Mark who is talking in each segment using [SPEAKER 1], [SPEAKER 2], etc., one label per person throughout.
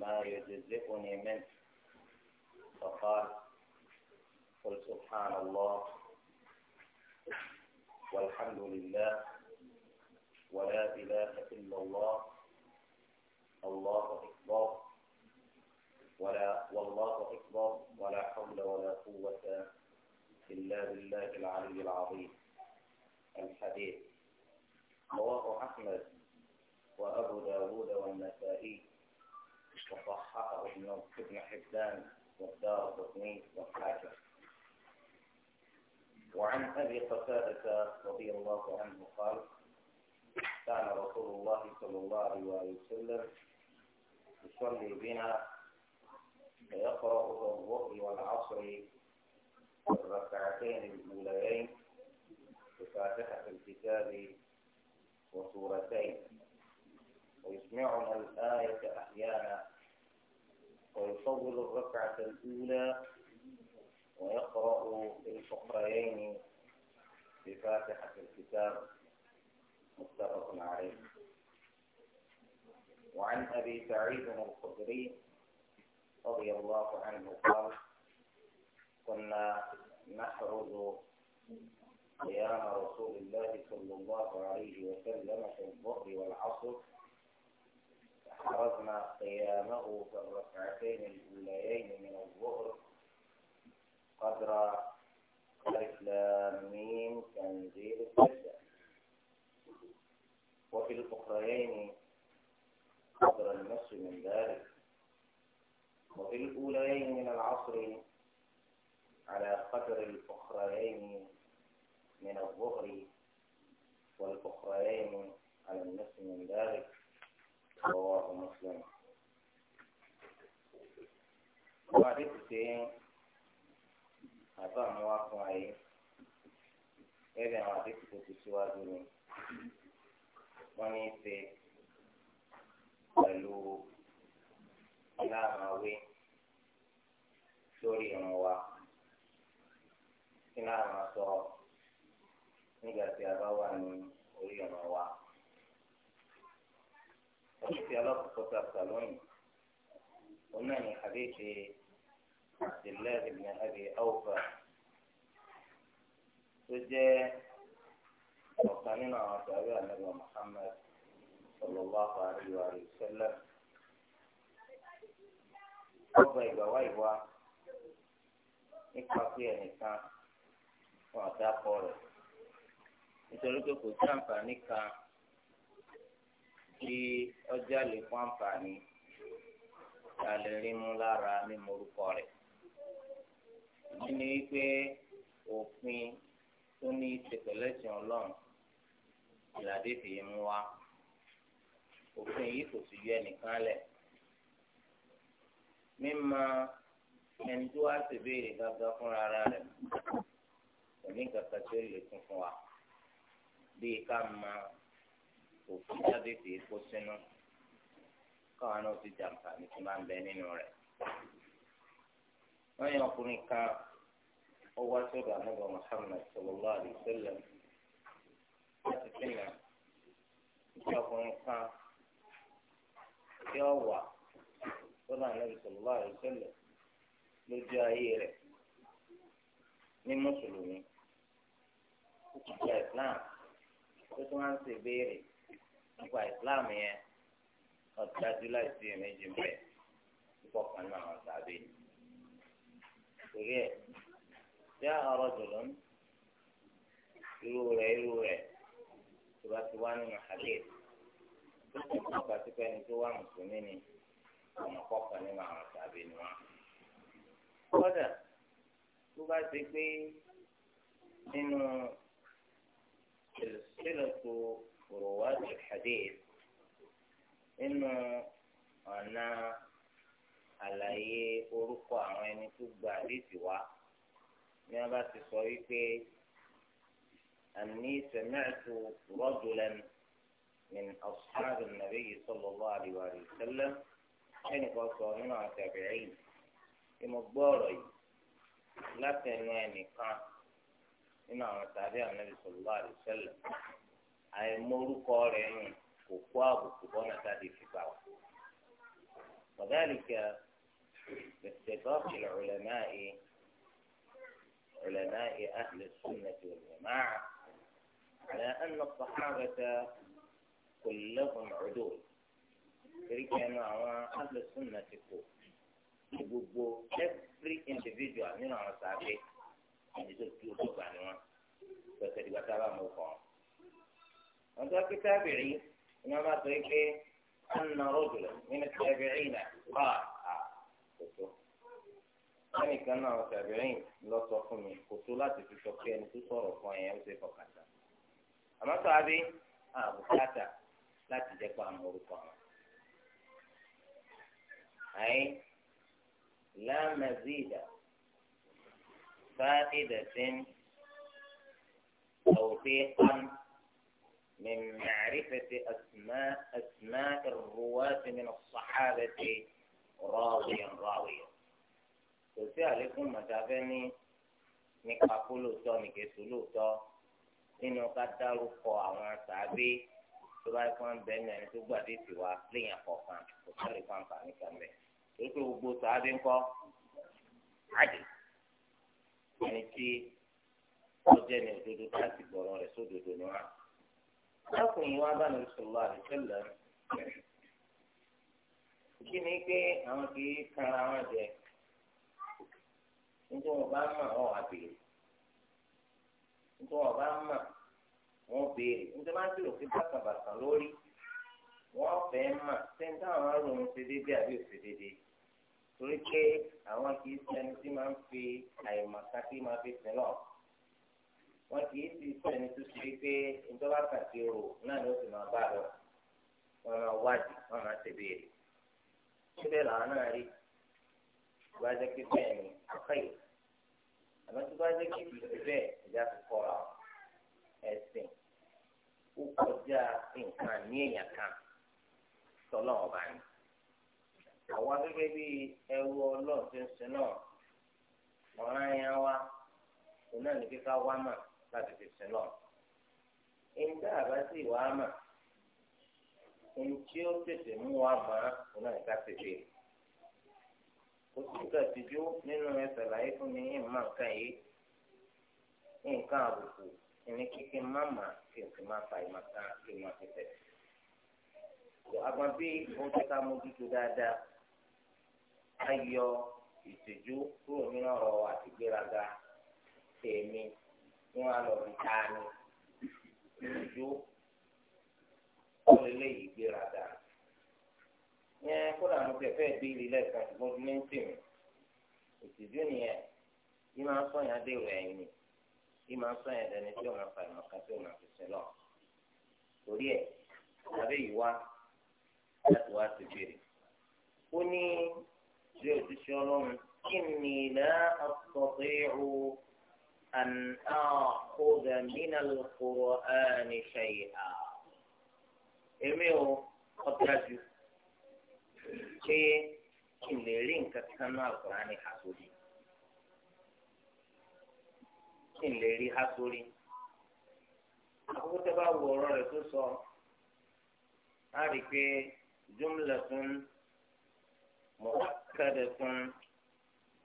[SPEAKER 1] ما يجزئني منه فقال قل سبحان الله والحمد لله ولا إله إلا الله الله أكبر ولا والله أكبر ولا حول ولا قوة إلا بالله العلي العظيم الحديث رواه أحمد وأبو داود والنسائي وصححه ابن حبان والدار قطني والحاكم وعن أبي قتادة رضي الله عنه قال كان رسول الله صلى الله عليه وسلم يصلي بنا فيقرأ الظهر والعصر الركعتين الأوليين بفاتحة الكتاب وسورتين ويسمعنا الآية أحيانا ويصور الركعة الأولى ويقرأ في الأخريين بفاتحة الكتاب متفق عليه وعن أبي سعيد الخدري رضي الله عنه قال كنا نحرز قيام رسول الله صلى الله عليه وسلم في الظهر والعصر عرفنا قيامه في الركعتين الأوليين من الظهر قدر ألف لام تنزيل السجدة وفي الأخريين قدر النصف من ذلك وفي الأوليين من العصر على قدر الأخريين من الظهر والأخريين على النصف من ذلك رواه مسلم وحديث سين أفهم واقعي إذا حديث تسواجه ونيسي pẹ̀lú ìlànàwé lórí ìrìn wa ìlànà sọ nígbà tí a bá wà ní orí ìrìn wa. في علاقة الصالحين قلنا من حديث عبد الله بن أبي أوفى سجى وقاننا عطاء النبي محمد صلى الله عليه وآله وسلم أوفى جوايبا nípa pé النساء wọn àdá kọ rẹ nítorí pé kò sí àǹfààní kan kí ọjà lè fún àǹfààní ta lè rí mú lára mímú orúkọ rẹ̀. ìdí ni wípé òfin tó ní ìtẹ̀pẹ̀lẹ́sìn ọlọ́run ìlàdé fi mú wa òfin yìí kò sì yọ ẹnìkan lẹ̀. mímọ ẹni tó wá sì béèrè gángan fúnra rẹ̀ kò ní kankan tó lè kún fún wa bí ká máa. òfin jáde tì kó sínú káwọn náà ti jàǹfààní tí máa ń bẹ nínú rẹ̀. wọ́n yàn ọkùnrin kan ó wá sọ́dọ̀ ànábọ̀ Muhammad sallallahu alaihi láti fìlà ìjọ ọkùnrin kan tí ó wà lójú ayé rẹ̀ ní mùsùlùmí ó Islam ó tún wá ń ṣe béèrè. nípa islam yẹn ọ̀dájú láìsí èméjì mbẹ púpọ̀ kan náà wọn sàbẹ̀ torí ẹ̀ jẹ́ ọ̀rọ̀ jùlọ irú rẹ̀ irú rẹ̀ tó bá ti wá nínú hadith tó ti kọ́ pàtíkọ́ ẹni tó wá mùsùlùmí ni ọmọ kọ́kọ́ nínú àwọn sàbẹ̀ ni wọn. kódà tó bá ti gbé nínú ìlú tó. ورواة الحديث إنه أنا àlàyé orúkọ àwọn ẹni tó gba àdéhùn wa ni wọn bá ti sọ wípé àní sẹmẹ́ẹ̀tù rọ́jùlẹ́n min ọ̀sáàdù nàbí sallallahu alaihi wa sallam ẹnìkan sọ nínú àtẹ̀bẹ̀rẹ̀ yìí tí mo gbọ́ ọ̀rọ̀ yìí látẹnu ẹnìkan nínú àwọn tàbí ànábì sallallahu alaihi wa sallam. àìmọ̀rúkọ rẹ̀ ń kò kó àbùkù bọ́nà táde fi gbà wá. وذلك باستفاق العلماء علماء أهل السنة والجماعة على أن الصحابة كلهم عدول تلك أهل السنة تقول gbogbo every individual nínú àwọn sàbẹ ẹni tó kí o tó gbà ní wọn pẹ̀sẹ̀ ìgbà tá a bá mú kàn án. wọ́n tó pé tábìrì ni wọ́n bá sọ pé anna rọ́jùlọ nínú tábìrì náà kọ́ à kòtò. lẹ́nìkan náà wọ́n tábìrì lọ sọ fún mi kòtò láti fi sọ pé ẹni tó sọ̀rọ̀ fún ẹ̀yẹ́ ó ṣe fọkàtà. àmọ́ sọ àbùkátà láti jẹ́ pa àmọ́ orúkọ àwọn. àyè lámàzídà fáìdà sí ọ̀wọ́ pé ánú. من معرفة أسماء أسماء الرواة من الصحابة راويا راويا tòsí àlékún mọ̀tàfẹ́ ní nípa kó lóòótọ́ nìkejì lóòótọ́ nínú ká dárúkọ àwọn sàábé tó bá fọ́n bẹ́ẹ̀ ní ẹni tó gbàdé sí wa léèyàn kọ̀ọ̀kan kò sá lè fọ́n kàn nìkan bẹ́ẹ̀ torí pé gbogbo sàábé ń kọ́ àdè ẹni tí ọjọ́ ni òdodo tá a ti gbọ̀rọ̀ rẹ̀ sódodo ni wọ́n á lákùnrin wa bá nàbí sọlá àdìsẹlẹ kí ni pé àwọn kì í kanra wọn jẹ nítorí wọn bá mọ àwọn àbèrè nítorí wọn bá mọ wọn béèrè nítorí wọn ti òfin bàtàbàtà lórí wọn fẹẹ mọ sẹńtà àwọn arúgbó ṣe déédéé àbí òṣè déédéé torí pé àwọn kì í ṣẹni tí máa ń fi àìmọ̀ká tí máa fi sin lọ́wọ́. wọn kì í ti sẹ́ni tó ṣe pé ìjọba kàti rò náà ni ó sì máa bá lọ wọn máa wádìí wọn máa ṣe béèrè síbẹ̀ làwọn náà rí ìwà jẹ́ pé bẹ́ẹ̀ ni àkàyè àmọ́ tí wọ́n jẹ́ bẹ́ẹ̀ ìjà ti ẹ̀sìn ó kọjá nǹkan ní èèyàn kan tọ́lọ́ ọba ni náà láti fi sin lọ. Ìjà àbá sí ìwà àmà. Ìjì ó tètè mú wa mọ̀ á òun tètè. Kò sí nǹkan tìjú nínú ẹsẹ̀ láyé fún mi yín nǹkan yìí. Nǹkan àbùkù ìní kíkí má mà kí n sì fa ìmọ̀ kan kí n fi tẹ̀. Àgbọn bí ti mójútó dáadáa, yọ ìtìjú wọn á lọ fi ta ni ìjó ọlọlẹ yìí gbéra dà yẹn kódà mo fẹ́ fẹ́ bí ilé lẹ́ẹ̀kan ṣùgbọ́n fi ní ń tìmù ìtìjú nìyẹn yìí máa ń sọyìn adéwò ẹ̀yìn ni yìí máa ń sọyìn ẹdẹni tí òun afa ìmọ̀ òun àti lọ torí ẹ̀ tàbí ìwá láti wá ti béèrè ó ní ilé òṣìṣẹ́ ọlọ́run kí ni ìlà àtọ̀tẹ̀ ìhù. أن آخذ من القرآن شيئا èmi ò ọjà ju pé kí n lè rí nǹkan kan náà àkùrá ní hasori kí n lè rí hasori àkókò tó bá wo ọ̀rọ̀ rẹ̀ tó sọ á rí i pé jumlatun mu'akkadatun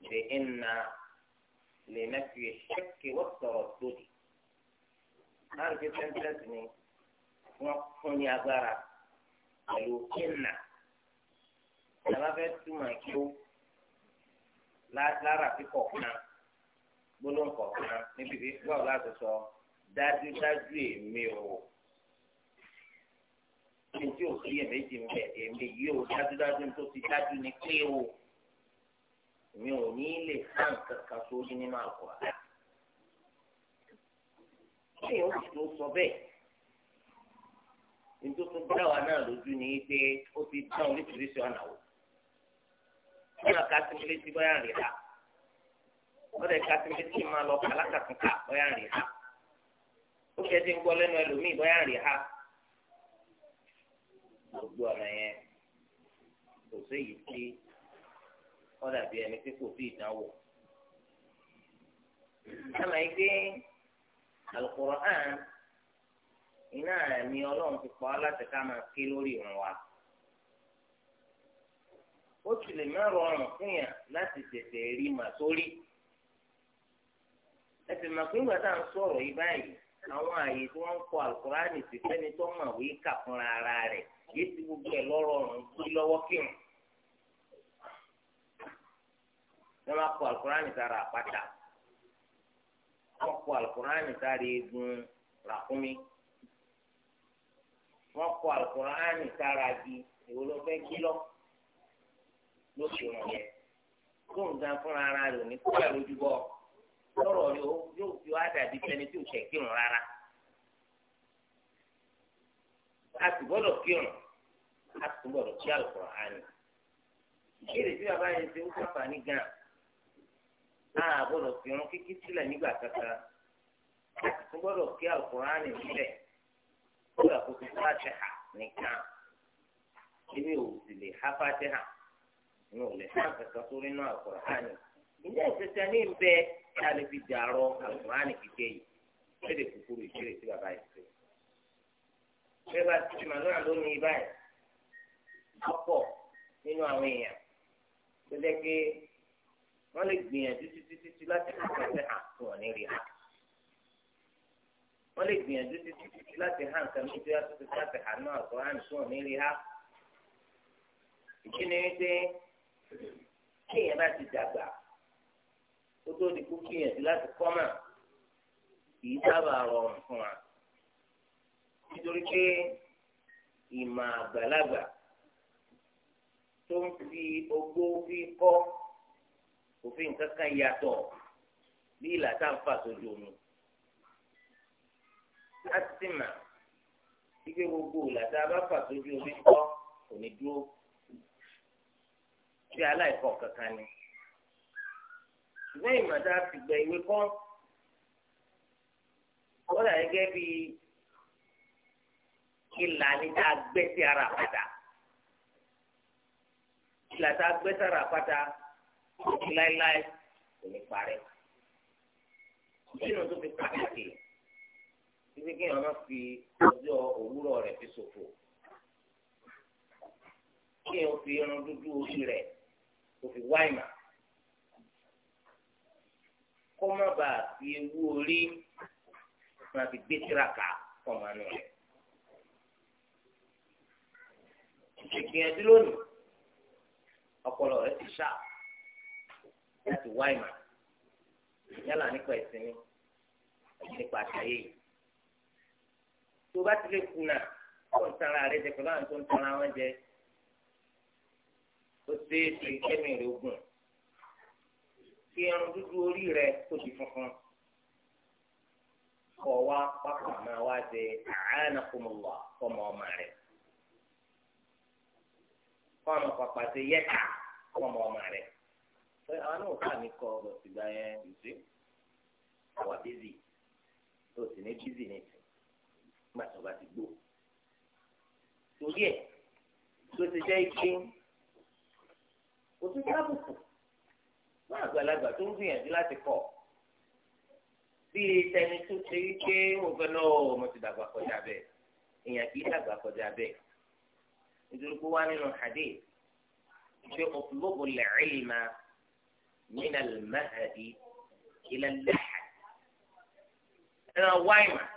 [SPEAKER 1] bi inna. لنفي الشك والتردد عارف الانترنت ni wọn fún ní agbára pẹ̀lú kínà ìjọba fẹẹ túmọ̀ ìjó lára fífọ kan gbólóǹkọ kan níbi tí wọn láti sọ dájúdájú èmi o èmi tí ò sí èméjì ń bẹ èmi yìí o dájúdájú tó ti dájú ni pé o. mi ò ní lè so kankan sórí nínú àkùrà. Ṣé o sì tó sọ bẹ́ẹ̀? Ntutu dáwà náà lójú ni pé ó ti dán oríṣiríṣi ọ̀nà wò. Bọ́lá kásímílé tí bọ́yà rè ha. Bọ́lá kásímílé tí máa lọ kàlákàtúnkà bọ́yà rè ha. Ó ṣe ti ń gbọ́ lẹ́nu ẹlòmíì ha. Gbogbo ọ̀nà yẹn kò sí wọ́n dàbí ẹni pé kò fi ìdánwò. Sábà yìí pé Al-Qur'an iná ni ọlọ́run ti pa á láti ká máa ké lórí ìrun wa. Ó ti lè má rọrùn fún yàn láti tètè rí màá sórí. Ẹ sì ìgbà tá à ń sọ̀rọ̀ àwọn àyè rẹ̀ yìí ti gbogbo ẹ̀ lọ́wọ́ lọ́ba kọ alukurani sára àpáta wọ́n kọ alukurani sára eegun ràkúnmí wọ́n kọ alukurani sára di ìwọlọ́fẹ́ kílọ̀ lóṣù wọn yẹ tó ń gan fúnra ara rẹ̀ òní kó ẹ̀ lójú bọ́ lọ́rọ̀ yóò fi wá dàbí pẹ́ni tí ò ṣe kírun rárá a sì gbọ́dọ̀ kírun a sì gbọ́dọ̀ kí alukurani ìbéèrè tí bàbá yẹn ṣe ó sáfà ní gan náà gbọ́dọ̀ fi irun kíkí sílẹ̀ nígbà kankan láti tún gbọ́dọ̀ kí àkùránì sílẹ̀ gbọ́dọ̀ kó fi fàtẹ́hà nìkan ebi ò lè ha fàtẹ́hà ní ò lè hàn kankan sórí náà àkùránì ilé ìtẹ̀tẹ̀ ní ìbẹ́ kí a lè fi dàrọ àkùránì kíkẹ́ yìí lédè kúkúrú ìṣeré sí bàbá yìí sí. bí bá ti ti màdúrà lónìí báyìí ọ̀pọ̀ nínú àwọn èèyàn tó wọ́n lè gbìyànjú títí títí láti ha kẹsẹ̀ hàn tó wọ́n ní rí ha wọ́n lè gbìyànjú títí títí láti ha nǹkan mi tó yàtọ̀ títí láti hàn náà tó hàn tó wọ́n ní rí ha ìdí ni wípé kéèyàn bá ti dàgbà ó tó di kó gbìyànjú láti kọ́ mà kì sábà rọrùn fún wa nítorí pé ìmọ̀ àgbàlagbà tó ń fi ogbó fi kọ́ òfin kankan yàtọ̀ bí ìlà tá ń fà sójú omi a ti mà ike gbogbo ìlà tá a bá fà sójú omi kọ́ kò ní dúró bí aláìkọ́ kankan ni ṣùgbọ́n ìmọ̀ a ti gbẹ ìwé kọ́ wọ́n dà gẹ́gẹ́ bí ìlà ni tá a gbẹ́ sí ara pátá ìlà tá a gbẹ́ sí ara títí láéláé kò ní parẹ́. nínú tó fi pàtàkì títí kí wọn máa fi ọjọ́ òwúrọ̀ rẹ̀ fi ṣòfò kí wọn fi irun dúdú orí rẹ̀ kò fi wá ìmọ̀ kó má bàa fi ewu orí máa fi gbé tiraka kọ̀ọ̀mọ́ nù rẹ̀. ìgbìyànjú lónìí ọpọlọ rẹ ti ṣáà láti wá ìmọ̀ yálà nípa ẹ̀sìn ni àti nípa àṣàyè yìí. tó bá ti lè kùnà kó ń tara rẹ jẹ pẹ̀lú àwọn tó ń tara wọn jẹ ó ṣe é ṣe kẹ́mi rẹ ogun kí irun dúdú orí rẹ tó di funfun kọ̀ wá pápá máa wá ṣe àánàkùnmọ̀lá fọmọ ọmọ rẹ fọmọ pàpà yẹta fọmọ ọmọ rẹ pé àwọn náà kà mí kọ ọ̀rọ̀ sígbà yẹn ìṣe àwà bízì tó sì ní bízì ní ìsìn nígbà tó bá ti gbó. torí ẹ̀ tó ti jẹ́ ike kò tún sábùkù fún àgbàlagbà tó ń gbìyànjú láti kọ̀ bíi tẹni tó ṣe wípé mo fẹ́ lọ́wọ́ mo ti dàgbà kọjá bẹ́ẹ̀ èèyàn kì í dàgbà kọjá bẹ́ẹ̀ nítorí pé wá nínú hadith ṣe òfúlógbò lẹ́ẹ̀ẹ́lì máa. من المهد إلى اللحد أنا وايمة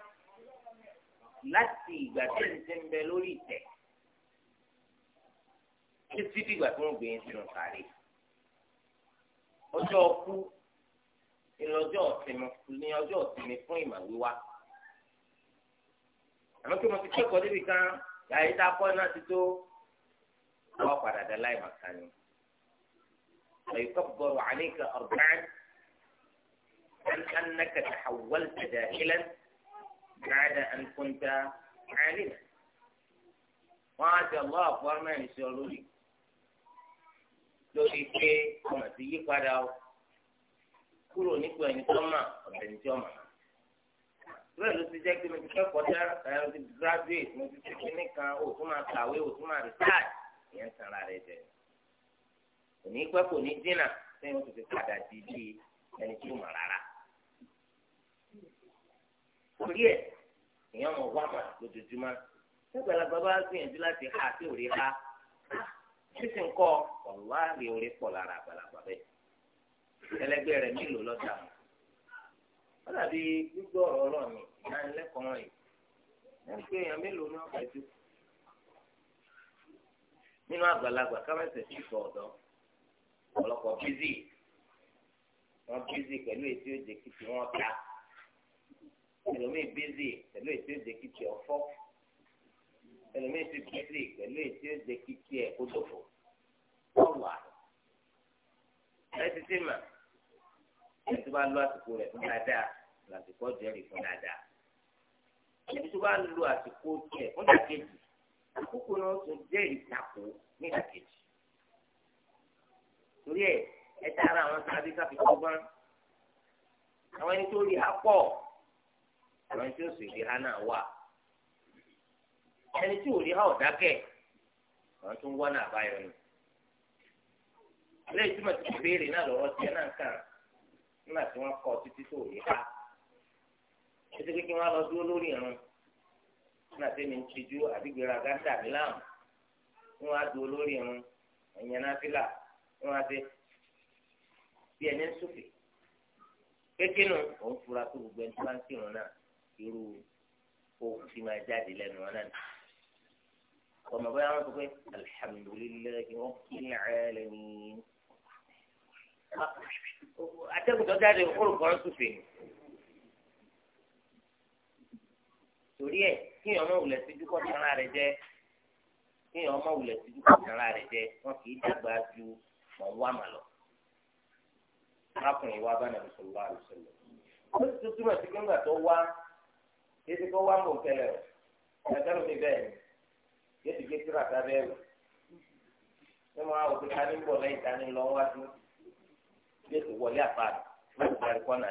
[SPEAKER 1] láti ìgbà tí ń ti ń bẹ lórí ìtẹ́ títí dìgbà tí wọ́n gbé yín sínú sàárè ọjọ́ ọkú ìlọjọ ọsinmi ní ọjọ́ ọsinmi fún ìmọ̀ wíwá àmọ́ kí mo ti kẹ́kọ̀ọ́ débi yàrá ìta kọ́ náà ti tó àwọn padà dá láì màkà ni. فيكبر عليك أربعا عن أنك تحولت جاهلا بعد أن كنت عالما وعاد الله أكبر ما يسير لي lórí pé ọmọ ti yí padà o kúrò nípò ẹni tó mà ọ̀dẹ̀ ní tí ọmọ rẹ ló ti jẹ́ pé mo ti kẹ́kọ̀ọ́ dára ẹ̀rọ ti graduate mo ti ṣe kíní kan o tún máa kàwé o tún máa research ìyẹn sanra rẹ jẹ. kò ni pẹ́ kò ní dínà sẹ́yìn di bí ẹni tí mọ̀ rárá. torí ẹ̀ èèyàn mọ̀ wá mà lójoojúmọ́ gbìyànjú láti ha sí òrí ha sísìn ah, kọ́ ọ̀lá rí orí pọ̀ lára àgbàlagbà bẹ́ẹ̀ ẹlẹgbẹ́ rẹ̀ nílò lọ́jà wọ́n dàbí gbígbọ́ ọ̀rọ̀ ọlọ́ọ̀ni ìdánilẹ́kọ̀ọ́ wọn yìí wọ́n gbé èèyàn mélòó ní ọ̀pẹ̀jú nínú àgbàlagbà ọ̀pọ̀lọpọ̀ bízì wọ́n bízì pẹ̀lú ètò èdè kìtì wọn ta ẹlòmíì bízì pẹ̀lú ètò èdè kìtì ọ̀fọ́ ẹlòmíì ti bízì pẹ̀lú ètò èdè kìtì ẹ̀kọ́dọ̀fọ̀ ọ̀wà ẹtì sí mà ẹni tó bá lo àsìkò rẹ̀ fún dáadáa lásìkò ọ̀jẹ̀rì fún dáadáa ẹni tó bá lo àsìkò tiẹ̀ fún dàkejì àkókò náà tún jẹ́ ìtakò ní dàkejì. torí ẹ ẹ tààrà àwọn sábẹ́ káfí kọ́gbọ́n àwọn ẹni tó rí ha pọ̀ àwọn ẹni tó sì rí ha náà wà ẹni tí ò rí ha ọ̀dákẹ́ àwọn tó ń náà ìtumọ̀ ti béèrè náà lọ́wọ́ náà kàn nígbà tí wọ́n ha títí lọ dúró lórí irun nígbà tí mi ń tijú láàmú wọn wá sí bí ẹni ń sùfè kékeré nù òun fura tó gbogbo ẹni tó bá ń kírun náà irú ohun tí máa jáde lẹ́nu wọn náà ọmọ bóyá wọn sọ pé alihamudulilayi wọn kí ní ààrẹ ní atẹ́gùtọ́ jáde olùkọ́ ń sùfè ni torí ẹ kíyàn ọmọ wulẹ̀ síjú kọ́ tán ara rẹ jẹ kíyàn ọmọ wulẹ̀ síjú kọ́ tán ara rẹ jẹ wọn kì í dàgbà ju mọ wá mà lọ arákùnrin wa bá nàbí sọlá àlùsọlẹ ó sì tún túmọ̀ sí pé ńgbà tó wá kí ti kó wá mọ̀ kẹlẹ̀ o ẹ̀sẹ̀rù mi bẹ́ẹ̀ ni kí ti gé síra sábẹ́ rẹ̀ ṣé mo àwọn òkúta ní bọ̀ lẹ́yìn tání lọ wájú wọlé láti parí kọ́nà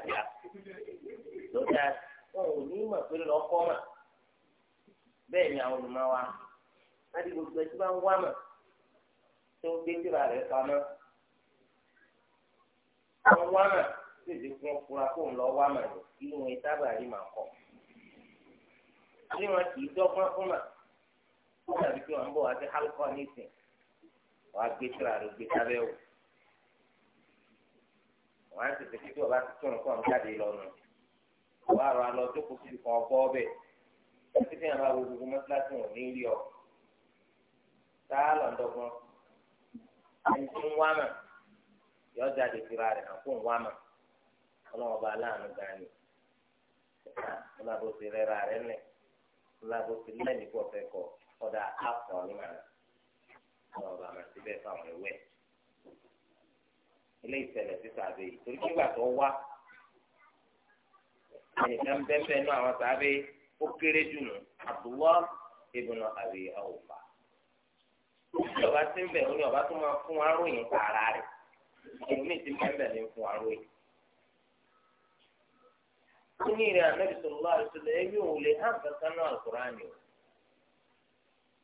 [SPEAKER 1] wọn ò ní mọ̀ pé lọ́kọ́ mà bẹ́ẹ̀ ni àwọn olùmọ̀ wa láti gbogbo ẹ̀ tí wọ́n wá mà tó síra rẹ̀ àwọn wámà tètè fún ọkùnrin akóhùn lọ wámà lọ irú wọn sábà rí màá kọ ní kì í dọ́gbọ́n fún mà ó dàbí kí wọn bọ àti hálùkọ nísìn wọn gbé tíra rẹ gbé sábẹ́ wò wọn á tètè kí tí wọn bá ti tún nǹkan jáde lọnà wọn á alọ tó kó sí kan bọ ọbẹ títí tí wọn bá wo gbogbo mọ́tíláṣí wọn ní ilé ọ sáà lọ́ndọ̀gbọ́n ẹni tó ń wámà yọ jáde fira rẹ̀ hàn fún wàmà ọlọ́wọ́n bá aláàánú gani ọlọ́wọ́ ti rẹ́ra rẹ̀ lẹ̀ ọlọ́wọ́ ti lẹ́ni kó fẹ́ kọ ọ̀dà àpọ̀ ní màrà ọlọ́wọ́ bá máa ti bẹ́ẹ̀ fáwọn ẹ̀wẹ́ ilé ìṣẹ̀lẹ̀ ti sàbẹ̀ yìí torí kígbà tó wá ẹnìkan bẹ́ẹ̀ nú àwọn sàbẹ̀ ó kéré jù nù Abdullah ibn Abi Awfa ìjọba ti ń bẹ̀ ó ní ọba tó máa fún wa pààrà rẹ̀ ẹlòmí ti bẹ́ẹ̀ ní fún àrò yìí. ó ní ìrìn ànábì sallallahu alaihi wasallam ẹbí òun lè hàn kankan náà Al-Qur'ani o.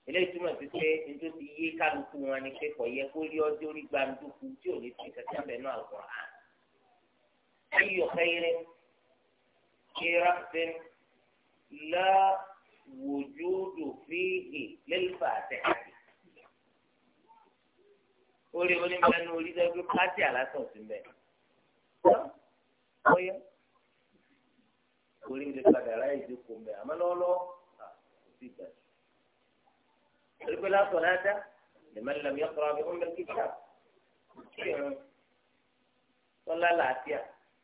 [SPEAKER 1] eléyìí túmọ̀ sí pé njó ti yé kálukú wọn ni pé kò yẹ kó rí ọjọ́ orí gbàndúkú tí ò ní fi kankan bẹ̀ náà Al-Qur'ani. ayyu khairin fi rafin la wujudu fihi lil-Fatiha orí onímọ̀lẹ́nu orí dẹ́gbẹ́ pátì àlásàn sí mbẹ́. ọyọ orí ilé padà ráyè ìjókòó mbẹ́ àmọ́ lọ́wọ́lọ́wọ́ kò sí ìgbà tó. torí pé lásán náà dá lèmọ́lẹ́ làmì ọkọ̀ àbí ọmọ kíkà kí irun tọ́lá làásìá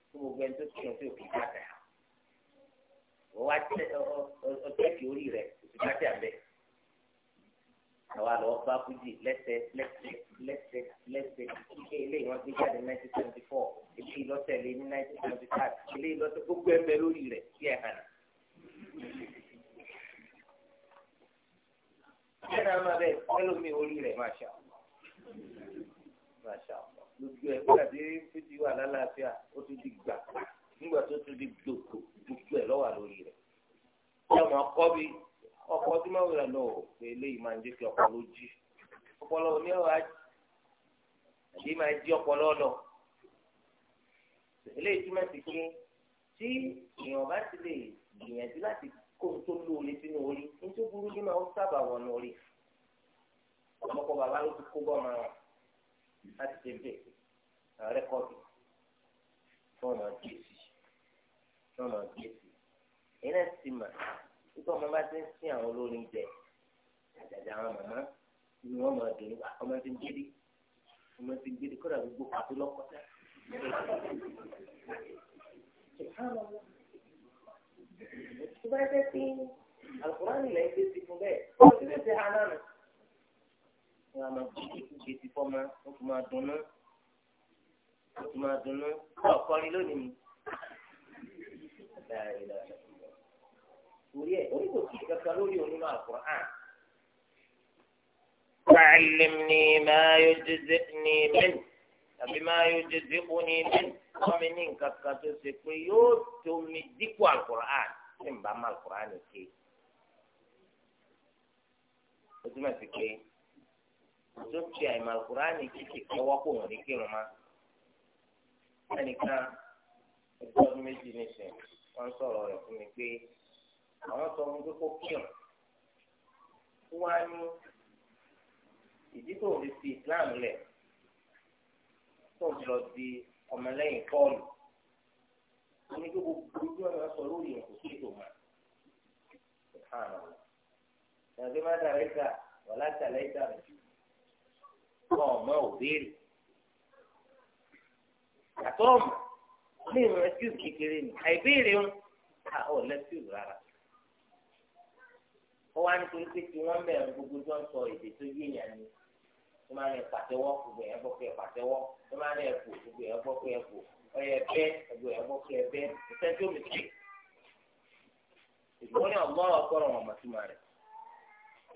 [SPEAKER 1] tó gbogbo ẹni tó kí irun tó kí kàtà. wọ́n wá tẹ́ ọ ọ ọ tẹ́kì orí rẹ̀ òsì pátì àbẹ́ àwa lọ bá fújì lẹ́sẹ̀ lẹ́sẹ̀ lẹ́sẹ̀ lẹ́sẹ̀ ilé ilé wọn gbé jáde nineteen seventy four ilé ìlọ́tẹ̀lé ní nineteen seventy five ilé ìlọ́tẹ̀ gbogbo ẹgbẹ́ lórí rẹ̀ sí ẹ̀ hàn. bẹ́ẹ̀ náà máa bẹ́ẹ̀ ẹlòmíì orí rẹ̀ máa ṣà máa ṣà lójú ẹ̀ kó dàbí fújì wà lálàáfíà ó tún di gbà nígbà tó tún di gbòkò gbogbo ẹ̀ lọ́wà lórí rẹ̀. ọmọ kọ́ bíi ọkọ tí máa wúlò lọ pé eléyìí máa ń jẹ́ kí ọkọ ló jí ọpọlọ òní ọ̀rọ̀ ajé àbí máa jí ọpọlọ lọ eléyìí túmọ̀ sí pé tí èèyàn bá ti lè gbìyànjú láti kó ohun tó lóore sínú orí nítorí burú ní máa ń sábà wọnú orí ọ̀pọ̀lọpọ̀ bàbá ló ti kó bọ́ ọmọ láti ṣe bẹ́ẹ̀ rẹ́kọ̀dù fún ọmọ gbèsè fún ọmọ gbèsè ẹ̀rẹ́ sì máa títí ọmọ bá ti ń sin àwọn olórin jẹ àjàjà àwọn màmá ni wọn máa dùn nípa ọmọ ti ń gbéri ọmọ ti ń gbéri kódà gbogbo pàtó lọkọta tó bá jẹ pé alukóran ilẹ̀ ń gbé sí fún bẹ́ẹ̀ ọmọ ti fẹ́ hànà nù wọn a máa gbé gbé sí fọ́ ma wọn tún máa dunnú wọn tún máa dunnú ọkọrin lónìí torí ẹ̀ torí kò sí kankan lórí onínú àkùrán. Fàlìmì máa yóò jẹjẹ ní mẹ́nu tàbí máa yóò jẹjẹ kó ní mẹ́nu. Wọ́n mi ní nǹkan kan tó ṣe pé yóò tó mi dípò àkùrán tí n bá má àkùrán ké. Ó túmọ̀ sí pé tó ti àìmọ̀ àkùrán kíkì kọ́wọ́ kò wọ́n ní kírun má. Ẹnìkan ẹgbẹ́ ọdún méjì nìṣẹ́ wọ́n sọ̀rọ̀ rẹ̀ fún mi pé sọ fún pé kó kíyàn wọ́n á ní ìdí tó fi Islam lẹ̀ tó ń lọ di ọmọlẹ́yìn Pọ́ọ̀lù wọ́n ní kí gbogbo ojú ọ̀nà sọ lórí ìyẹn kò sí ètò mọ́ ẹ̀rọ má dàrẹ́ ta wọ́n láti àlẹ́ ta rẹ̀ kọ́ ọmọ òbéèrè àtọ́ ọmọ ní ìwọ̀n ẹ́síùsì kékeré ni àìbéèrè ń ta ọ̀ lẹ́síùsì rárá. ó wá nítorí pé tí wọ́n bẹ̀rẹ̀ gbogbo tó ń sọ èdè tó yé yẹn ni tó máa lè pàtẹ́wọ́ gbogbo yẹn gbọ́ pé ẹ pàtẹ́wọ́ tó máa lè fò gbogbo yẹn gbọ́ pé ọyẹ yẹn gbọ́ pé tó mi ìgbóni wọn mọ̀ túmọ̀ rẹ̀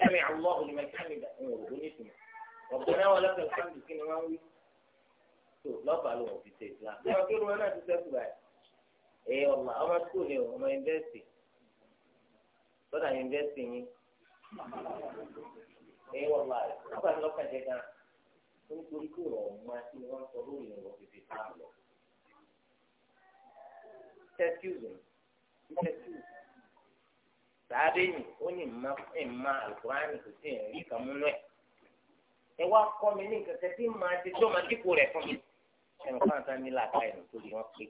[SPEAKER 1] ẹ̀mí ń wò lọ́dà yunifásitì yín ẹ̀yin wọ́n máa rẹ̀ wọ́n bá ní lọ́kàn jẹ́ gan ó ní torí kí wọ́n máa kí ni wọ́n sọ lórí ìrìn òfìfì náà lọ. tẹ́tíùsì tẹ́tíùsì sáré yìí ó ní ìmọ̀ ìmọ̀ àlùkùránì kò sí ìrìn ìkà múnú ẹ̀. ẹ wá kọ́ mi ní nǹkan kẹ́tí máa ti tó máa dípò rẹ̀ fún mi. ẹnì kan tán ní làákà ẹ̀nù tó lè pé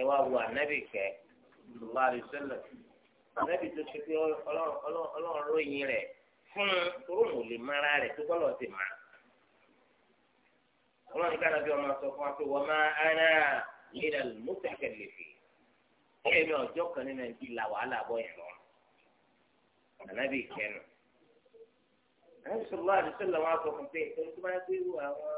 [SPEAKER 1] ẹ wá wo ànábì kẹ́ lọ́wọ́ àdìsẹ́lẹ̀ ànábì tó ṣe pé ọlọ́run ròyìn rẹ̀ fún rúùmù lè mara rẹ̀ tó bọ́lọ̀ ti mà. ọlọ́run ká nàbí ọmọ sọ fún wa pé wọ́n máa ara ìlà lùmùsàkẹ́ lè fi. bẹ́ẹ̀ ni ọjọ́ kan nínú ẹni tí la wàhálà bọ̀ yẹn lọ. ànábì kẹnu. ànábì sọ̀rọ̀ àdìsọ́ làwọn akọ fún pé ẹni tó máa gbé irú àwọn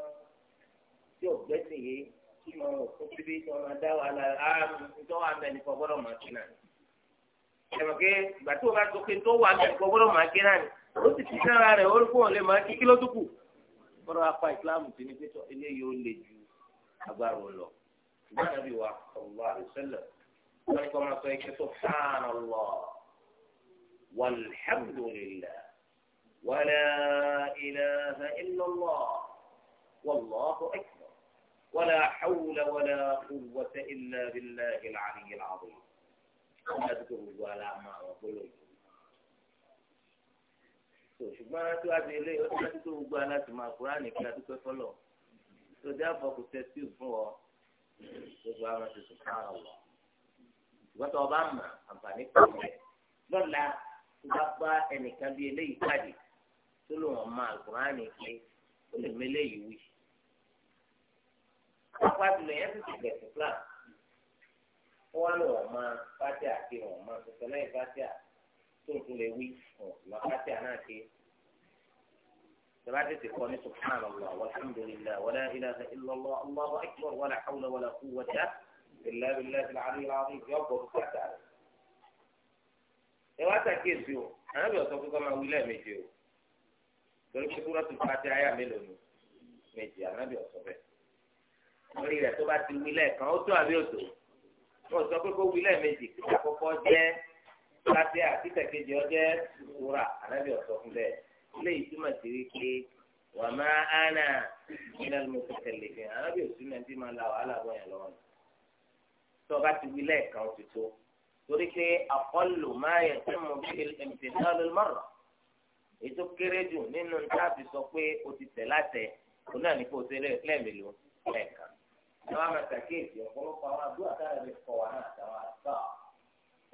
[SPEAKER 1] tí ò gbẹ́sìn yìí kí wọn ò síbi tí wọn máa dá wàhálà ẹ̀rọ̀kẹ́ ìgbà tí wọ́n bá sọ pé tó sọ pé tó wà ní ẹ̀kọ́ gbọ́dọ̀ máa gé náà ni ó sì ti sára rẹ̀ ó kó lè máa kí kí ló tó kù. bọ́dọ̀ apá ìsìláàmù ti ní pẹ́tọ́ eléyìí ó le ju agbára ò lọ. ìgbà wa ọ̀rọ̀ àrùsẹ́lẹ̀ wọ́n ní kọ́ máa sọ ike tó fáànà lọ walhamdulillah wala ilaha illallah wallahu akbar wala hawla wala quwwata illa billahi al-ali al-azim. láti kó gbogbo ara mọ àwọn gbólóyè tó ṣùgbọ́n tí wàá di eléyìí ó ti láti kó gbogbo ara ti máa kúrò ànìkí adúpẹ́ fọlọ́ tó dé àfọkù tẹ́tí fún ọ gbogbo àwọn ti sùn fún àwọn ṣùgbọ́n tó o bá mọ àǹfààní pẹ̀lú rẹ̀ lọ́la tó bá bá ẹnìkan bí eléyìí pàdé tó lòun ọmọ àgùrọ̀ ànìkí ó lè mélé yìí wí. wọ́n pàdé lóyún ẹ̀ wọ́n á lọ wọ́n máa fàtí àti wọ́n máa tuntun lẹ́yìn fàtí à tó tún lè wí wọ́n fàtí à náà ké. Ìjọba tètè kọ́ ní subhanallah walhamdulillah wala ilaha illallah allahu akbar wala hawla wala quwwata illa billahi al-ali al-azim yọ bọ̀ bùkátà rẹ̀. Ẹ wá sàkíyèsí o, àwọn ìbí ọ̀sán kúkọ́ máa wí lẹ́ẹ̀mejì o. Torí pé kúrọ́ ti fàtí àyà mélòó ni? Méjì, àwọn ìbí ọ̀sán bẹ́ẹ̀. Orí rẹ̀ tó bá ti wí lẹ́ẹ̀kan, ó tó àbí òtò wọ́n sọ pé kó wí lẹ́ẹ̀mejì kí àkọ́kọ́ jẹ́ láti àti kẹ̀kejì ọjẹ́ ìṣúra ànábì ọ̀sọ́ fún bẹ́ẹ̀ ilé ìtumọ̀ sí wípé wà má ánà nínú ẹni mo ti tẹ̀lé fi hàn ànábì òsì náà ti máa la wàhálà wọ̀ yẹn lọ́wọ́ tó bá ti wí lẹ́ẹ̀kan ó ti tó torí pé àkọlù máa yẹ tí mo fi ẹ̀mìtì náà mọ̀rọ̀ ètò kéré jù nínú táàbì sọ pé o ti tẹ̀ látẹ̀ òun náà ní kó o ṣe lẹ́ẹ̀mélòó lẹ́ẹ̀kan àwọn àmàtàkéèjì ọ̀pọ̀lọpọ̀ àwọn àdúrà tára lè kọ wà náà àtàwọn àtà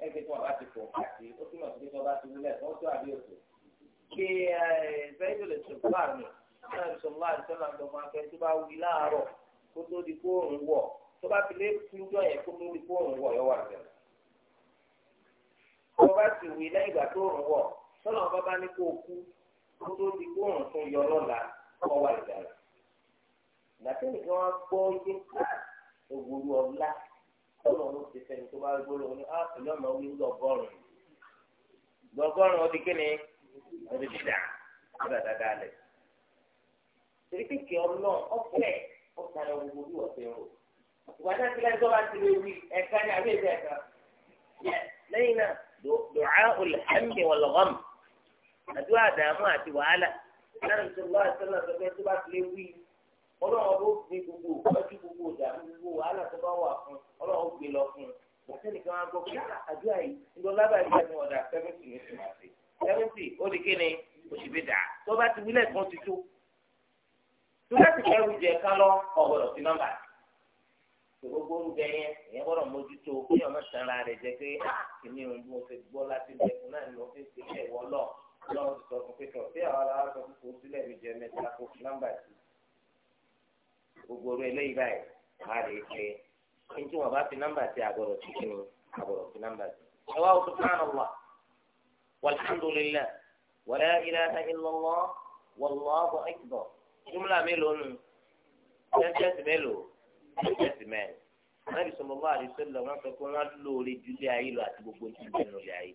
[SPEAKER 1] ẹgbẹ́ tí wọ́n bá ti fò àti ó túmọ̀ sí pé tí wọ́n bá ti wúlẹ̀ wọ́n tó àbí òtò. kí ṣẹ́yìn lè sọ fún àmì náà lè sọ fún àmì sọ́nà àti ọmọ akẹ́ tó bá wí láàárọ̀ kó tó di kóòrùn wọ̀ tó bá fi lé kúndọ̀ yẹn kó tó di kóòrùn wọ̀ yọ wà bẹ̀rẹ̀. tó bá ti wí lẹ́yìn ìgbà tó rùn wọ̀ o kú gbàtẹ́nì kan wá gbọ́ yé ah, òwúrú ọ̀la tọ́lọ̀ ló ti fẹ́ni tó bá gbóló ní ah, áàpùlù ọ̀nà wí lọ́gọ́rùn-ún lọ́gọ́rùn-ún ọdí kíni ọdí dídà ọdí àdáda alẹ̀ tìrìkìkì ọlọ́ọ̀ ọ̀fẹ́ ọ̀tàlẹ̀ òwúrú bí wọ́n ti ń rò ìgbàdá ti lẹ́jọ́ bá ti lè wí ẹ̀ka ní àbí ẹ̀ka ẹ̀ka lẹ́yìn náà dùcá olùhàmì wọ̀lọ́gọ́mù àdúrà dààmú àti wàhálà náà ní sọ ọlọ́run ló gbé gbogbo ọjọ́ gbogbo ìdààmú gbogbo wàhálà tó bá wà fún ọlọ́run gbé lọ fún un ìgbàsẹ́ nìkan á gbọ́ pé àdúrà yìí ń lọ lábàá ìgbà ni ọ̀dà sẹ́fẹ̀tì ní ti máa ṣe sẹ́fẹ̀tì ó di kí ni oṣù bí dà tó bá ti wílẹ̀ kan ti tó tó bá ti kẹ́rù jẹ ká lọ ọ̀gbọ̀dọ̀ sí nọ́mbà gbogbo oúnjẹ yẹn èèyàn gbọ́dọ̀ mójútó kéèyàn má tan ara rẹ̀ jẹ pé kìíní òun bó ṣe gbọ́ láti bẹ̀ fún náà ni wọ́n fi ṣe ẹ̀wọ́ lọ lọ́wọ́ sọ fún pé tọ̀ sí àwọn aláwọ̀ sọ fún kò sílẹ̀ mi jẹ mẹ́ta kò sí nọ́mbà sí gbogbo ọ̀rọ̀ eléyìí báyìí a rè é pé ní tí wọn bá fi nọ́mbà sí àgọrọ sí kí ni àgọrọ fi nọ́mbà sí. ẹ wá oṣù subhanallah walhamdulillah wala ilaha illallah wallahu akbar jumla mélòó nù sẹ́ńtẹ́sì mélòó sẹ́ńtẹ́sì mẹ́rin anabi sọlọ bá àdìsọ lọ wọn sọ pé wọn lóore ju ayé lọ àti gbogbo ní ìlú ẹnu ilé ayé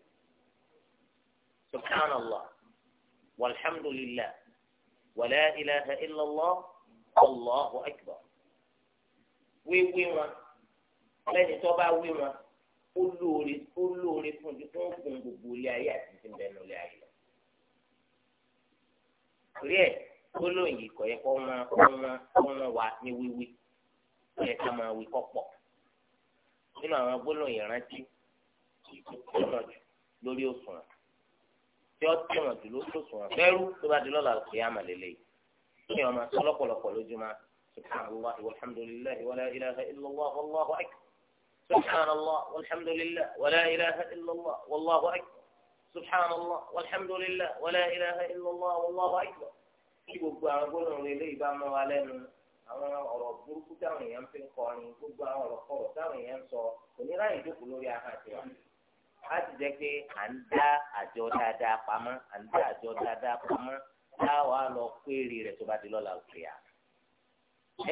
[SPEAKER 1] subhanallah walhamdulillah wala ilaha illallah. Allahu akbar wíwí wọn lẹ́ni tó bá wí wọn ó lóore ó lóore fún ju kó ń fún gbogbo ilé ayé àti ti ń bẹnu ilé ayé lọ. torí ẹ̀ gbólóyìn kò yẹ kó wọn kó wọn kó wọn wà ní wíwí kó yẹ ká máa wí kó pọ̀ nínú àwọn gbólóyìn rántí ìtúkọ̀nà jù lórí òṣùwọ̀n tí ó tẹ̀wọ̀n jù lórí òṣùwọ̀n bẹ́rù tó bá di lọ́la òkè àmàlélẹ́yìn kí ọmọ sọlọ́pọ̀lọpọ̀ lójúmọ́ subhanallah walhamdulilayi wala ilaha illallah wallahu akbar subhanallah walhamdulilayi wala ilaha illallah wallahu akbar subhanallah walhamdulilayi wala ilaha illallah wallahu akbar kí gbogbo àwọn gbọ́dọ̀ rẹ lè bá mọ́ wa lẹ́nu àwọn ọ̀rọ̀ burúkú táwọn èèyàn fi ń kọrin gbogbo àwọn ọ̀rọ̀ kọ̀rọ̀ táwọn èèyàn ń sọ oníráyè jókòó lórí ahọ́n àti wọn. a jẹ́ pé à ń dá àjọ dáadáa pamọ́ à ń dá àjọ dáadáa pamọ́ tá táwa lọ péré rẹ̀ tó bá di lọ́la òkèèyà.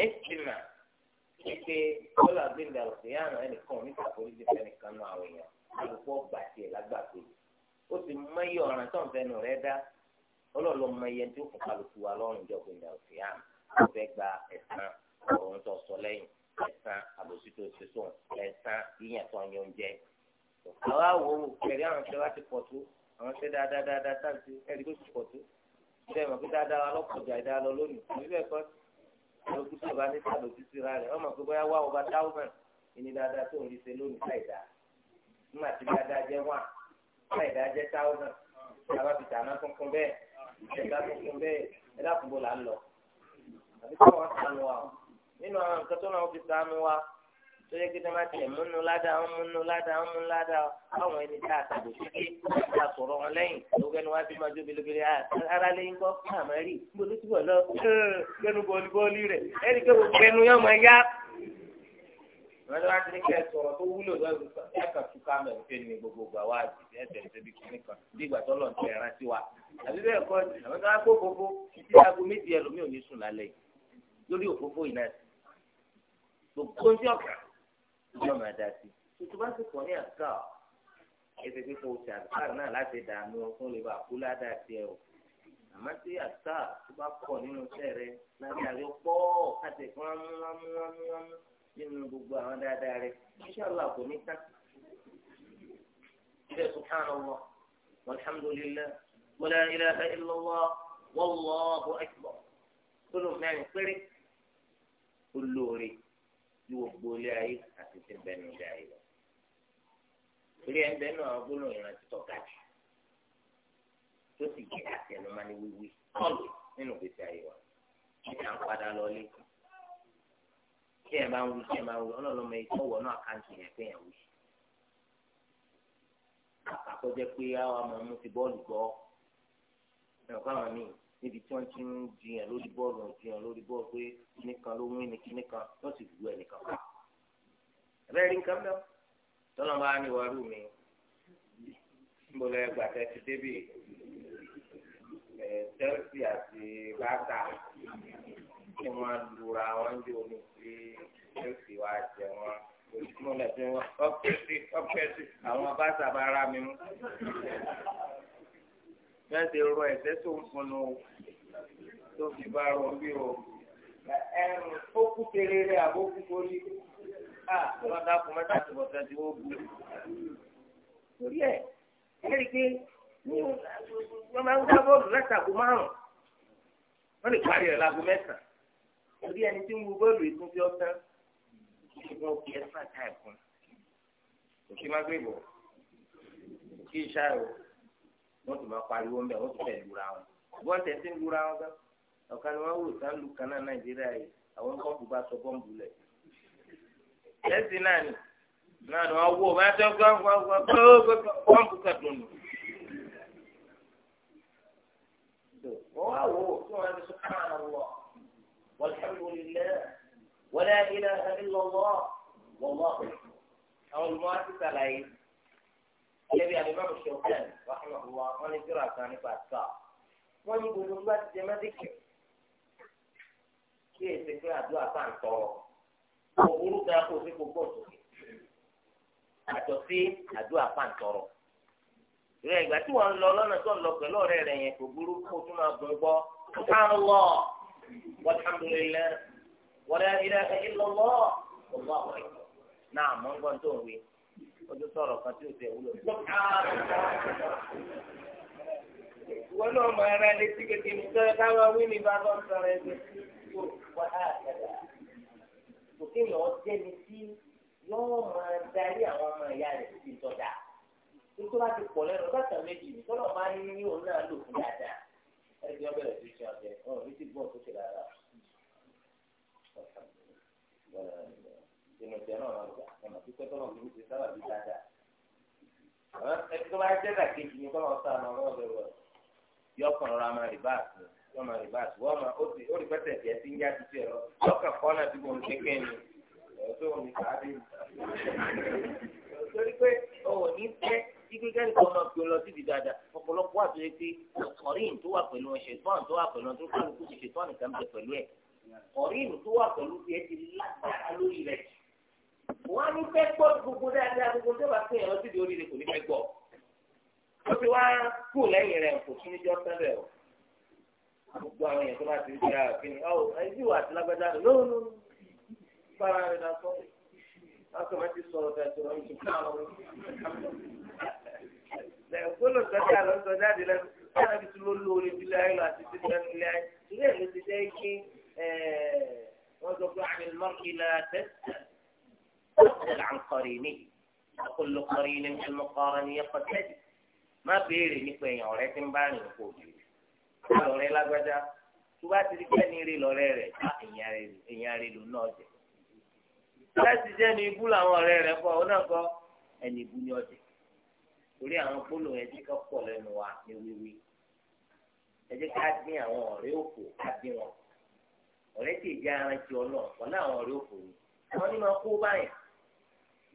[SPEAKER 1] ẹ ti mà pé lọ́la gbẹ̀ndà òkèèyà náà ẹnìkan níta polisi fẹ́nìkan náà àwọn èèyàn alùpùpù ọgbà tiẹ̀ lágbàgbé ó ti mọyì ọ̀ràn tó ń fẹnu rẹ̀ dá ọlọ́ọ̀lọ́ mọyì ẹni tó fún kálukú wa lọ́rùn jọ gbẹ̀ndà òkèèyà ó fẹ́ gba ẹ̀san ọ̀run tó sọ lẹ́yìn ẹ̀san àbòsí tó ṣe sùn ẹ̀san yíyàn tó ń yọ oúnjẹ àwa wo kẹrì àwọn ṣẹ wá ti pọ̀ tó àwọn ṣẹ dáadáa dáadáa táǹtì ẹ̀rí tó ti pọ̀ tó ṣe é mọ̀ pé dáadáa lọ́kọ̀ọ́jà ìdá lọ lónìí àbí bẹ́ẹ̀ kọ́ lókù tó bá ní sábà òtún síra rẹ̀ ọmọ pé bóyá wá ọba dáwọ́mọ̀ ìní dáadáa tó ń rí ṣe lónìí káìdá nígbà tí dáadáa jẹ́ wà káìdá jẹ́ táwọ́mọ̀ ìjọba fi tàná tuntun bẹ́ẹ̀ ẹ̀dá tuntun bẹ́ẹ̀ ẹ̀dá kúbọ̀ là ń lọ àbí kọ́ wọn sànù wa nínú àwọn nǹkan tó náà fi sànù wa tó yẹ kí ní máa tẹ̀ múnú ládàá ń múnú ládàá ń múnú ládàá àwọn ẹni tá a tàbí síké a sọ̀rọ̀ wọn lẹ́yìn lóko ẹni wá sí ah, máa jó belebele ara lẹ́yìn kọ́ àmọ́ rí gbọ́dọ̀ túbọ̀ lọ hmm, gbẹnu bọ́ọ̀lì bọ́ọ̀lì rẹ̀ ẹni pé kò gbẹnu yọ ọmọ ẹ̀yá. wọ́n ti wá sí kẹ́ sọ̀rọ̀ tó wúlò lọ́wọ́ ẹ̀ka túká mẹ́ òfin ni gbogbogbò àwa ẹ̀sẹ̀ ẹ̀sẹ̀ bí kìíní kan bí ìgbà tọ́lọ̀ ń tẹ̀ ẹ̀rán wa àbí bẹ́ẹ̀ kọ́ àwọn tó wá kó gbogbo títí aago méjì ẹlòmíì ò ní sùn lálẹ́ yìí lórí òfófó ìnáà gbogbo ń tí ọ̀kà yóò máa dá sí tuntun bá sì pọ̀ ní àká ọ̀ ẹsẹ̀ pé kò ṣe àká náà láti dààmú ọkùnrin lè bá kú ládàá tiẹ̀ o àmọ́ tí àká tó bá pọ̀ nínú iṣẹ́ rẹ láti àjọ pọ̀ káṣẹ̀ kí wọ́n mú wọ́n mú nínú gbogbo àwọn dáadáa rẹ inṣàlá kò ní tán. ilé subhanallah walhamdulillah wala ilaha illallah wallahu akbar kúlù mẹ́rin péré olóore ju gbogbo ilé ayé àti ti bẹnu ilé ayé lọ. torí ẹ̀ ń bẹ́ẹ̀ náà gbólóhùn ìrántí tọ́ka jù tó sì gbé àtẹnumọ́ ní wíwí kọ́ọ̀lù nínú gbèsè ayé wa kí à ń padà lọlé kí ẹ máa ń wí kí ẹ máa ń wí ọlọ́lọ́mọ yìí tọ́wọ́ náà àkáǹtì yẹn pé yẹn wí. àkàkọ́ jẹ́ pé àwọn ọmọ mi ti bọ́ọ̀lù gbọ́ ẹ̀kọ́ àwọn míì níbi tí wọ́n ti ń jiyàn lórí bọ́ọ̀lù jiyàn lórí bọ́ọ̀lù pé kíníkan ló wí ní kíníkan wọ́n sì lu ẹnìkan pa. ẹ̀rẹ́ rí nǹkan mẹ́wọ́ tọ́lọ́ bá ní wàá rú mi níbo lọ ẹgbà tẹ débì ẹ Chelsea àti Barca tí wọ́n lura wọn jẹ́ omi sí Chelsea wàá jẹ wọn mo lè wọn ọpẹ sí àwọn Barca bá rà mí mú bẹ́ẹ̀ ti rọ ẹ̀sẹ̀ tó ń funu tó fi bá rọ bí o ó kú kéré rẹ àbó kú kórí lọ́dà kún mẹ́ta tó bọ̀ sẹ́ni ó bu. torí ẹ ẹ̀rí pé wọ́n máa ń gbá bọ́ọ̀lù látàkù márùn-ún wọ́n lè parí ẹ̀ láago mẹ́sàn-án torí ẹni tí ń wo bọ́ọ̀lù ìtún fi ọ́tán ìgbà òkè ẹ̀fà táì kún òkè má gbé bọ̀ òkè ìṣá ẹ̀ wọ̀ wọ́n ti máa pariwo ń bẹ̀ wọ́n ti fẹ́ lura wọn bọ́n tẹ̀ sí ń lura wọn gan ọ̀kan ni wọ́n wò sàn kan náà nàìjíríà yìí àwọn bọ́ọ̀bù bá sọ bọ́ọ̀bù lẹ̀ lẹ́sìn náà ni náà ni wọ́n wò bá tẹ́ bọ́ọ̀bù kan dùn nù. wọ́n wá wò tí wọ́n ti sọ káàmù lọ walhamdulillah wala ilaha illallah wallahu àwọn olùmọ̀ wá ti sàlàyé ẹbí alimami sọfẹn rahmanuwa wọn ní bíra kan nípa sá wọn ní gbogbo nígbà tí jẹmẹdìkì kí èsì pé àdúrà tá à ń tọrọ òwúrú kan kò sí gbogbo òsòkè àtọ sí àdúrà tá à ń tọrọ rẹ ìgbà tí wọn lọ lọnà tó ń lọ pẹ̀lú ọ̀rẹ́ rẹ yẹn kò burú kó tún máa bọ gbọ sàlọ wàlhámdùlélẹ wàlá ilẹ ilẹ lọlọ ọgbà wọn náà mọ ń gbọ́ tó ń wí ojú sọ̀rọ̀ kan tí o tẹ̀ wúlò. wọn náà mọ ara ẹni tí kékeré mi sọ̀rọ̀ káwọn wí ní bá sọ̀rọ̀ ẹni tó wà á kẹta. òkè yọ jẹni tí yọọ máa darí àwọn ọmọ ìyá rẹ̀ sí ìtọ́jà. nítorí wá pọ̀ lẹ́nu bàtà méjì tọ́lọ̀ máa ń ní òun náà lò fún dáadáa. ẹni tí bẹ̀rẹ̀ sí ṣe ọ̀jẹ̀ ọ̀hún ní ti gbọ́n tó ṣe dáadáa ìnù tẹ náà lọ gbà ẹnà pípẹ́ tọ́lọ̀ kìíní ti sábà bí dáadáa ẹni tó bá jẹ́ dàkejì ni kọ́lọ́ sá àná ọlọ́run bẹ̀rù ẹ̀ yọ ọkàn rọra máa rì báàsì yọ máa rì báàsì wọ́n máa ó ti ó rí pẹ́sẹ̀ tiẹ̀ ti ń yá títí ẹ̀ lọ lọ́kàn kọ́ náà ti gbòòrò kékeré ni ẹ̀ẹ́dọ́ mi káàdé mi. torí pé o ò ní fẹ́ kíkí kẹ́ni kan máa fi lọ síbi dáadáa ọ̀pọ̀lọpọ̀ àti ẹgbẹ́ ọ̀rìn tó wà pẹ̀lú ṣètọ́n tó wà pẹ̀lú ọdún kálukú ti ṣètọ́n nìkan bẹ̀ pẹ̀lú ẹ̀ ọ̀rìn tó wà pẹ̀lú ti ẹ ti lágbára lórí rẹ̀ wọ́n á ní fẹ́ gbọ́ gbogbo dáadáa gbogbo tó bá fẹ́ ẹ̀rọ síbi oríire kò ní fẹ́ gbọ́ ó ti wá kú lẹ́yìn rẹ̀ kò tún níjọ́ sẹ́lẹ̀ o gbogbo àwọn èèyàn tó bá ti ń ṣe àkínní ọ̀ ẹ̀jú àti lágbájá rẹ̀ lóòlù fara rẹ̀ lásán lásán máa ti sọ̀rọ̀ tẹ̀sán ọ̀hún ti ká ọ̀hún. lẹ́gbọ́n sọ́jà lọ sọ jáde lẹ́nu sáà bí tí ló lóore bí láyé lọ àti tí lẹ́nu ilé ilé ìlú ti jẹ́ kí wọ́n sọ pé àmì lọ́kì اسأل عن قرينه وكل قرين في المقارن يقتدي má béèrè nípa èèyàn ọ̀rẹ́ tí ń bá rìn kò jù lọ ọ̀rẹ́ lágbájá tó bá ti di pé ní rí lọ́rẹ́ rẹ̀ bá èèyàn rẹ̀ lò náà jẹ. láti jẹ́ ní ibú làwọn ọ̀rẹ́ rẹ̀ kọ́ ọ náà kọ́ ẹni ibú ní ọ̀jẹ̀ torí àwọn pólò yẹn ti kọ́ pọ̀ lẹ́nu wa ní wíwí. ẹ jẹ́ ká dín àwọn ọ̀rẹ́ òfò ká dín wọn ọ̀rẹ́ tí ìjà ara ti ọ náà pọ̀ náà àwọn ọ̀rẹ́ òfò ni wọ́n ní máa kó báyìí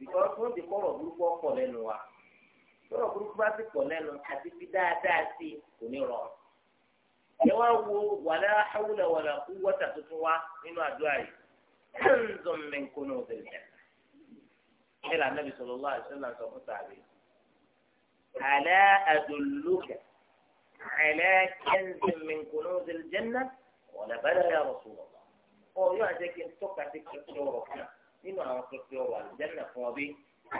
[SPEAKER 1] bìkọ́ tó ń dikọ́rọ̀ burúkú ọ̀pọ̀ lẹ́nu wa tọ́rọ̀ burúkú bá ti pọ̀ lẹ́nu àti fi dáadáa sí i kò ní rọrùn. ẹ wá wo wàlá hawla wàlá quwwata tuntun wá nínú àdúrà yìí ẹnzọ mẹ́kúnnù òbẹ̀rẹ̀ ẹ là nàbì sallallahu alaihi wasallam sọ fún sàbẹ̀ àlá àdùlùkẹ àlá ẹnzọ mẹ́kúnnù òbẹ̀rẹ̀ jẹ́nà wàlá bàdà yà Rasulullah ọ yóò àjẹkẹ́ tọ́ka sí kẹ́kẹ́ ọ̀rọ̀ kan nínú àwọn pínpín ọwọ́ àlùjẹ́nà fún ọ bí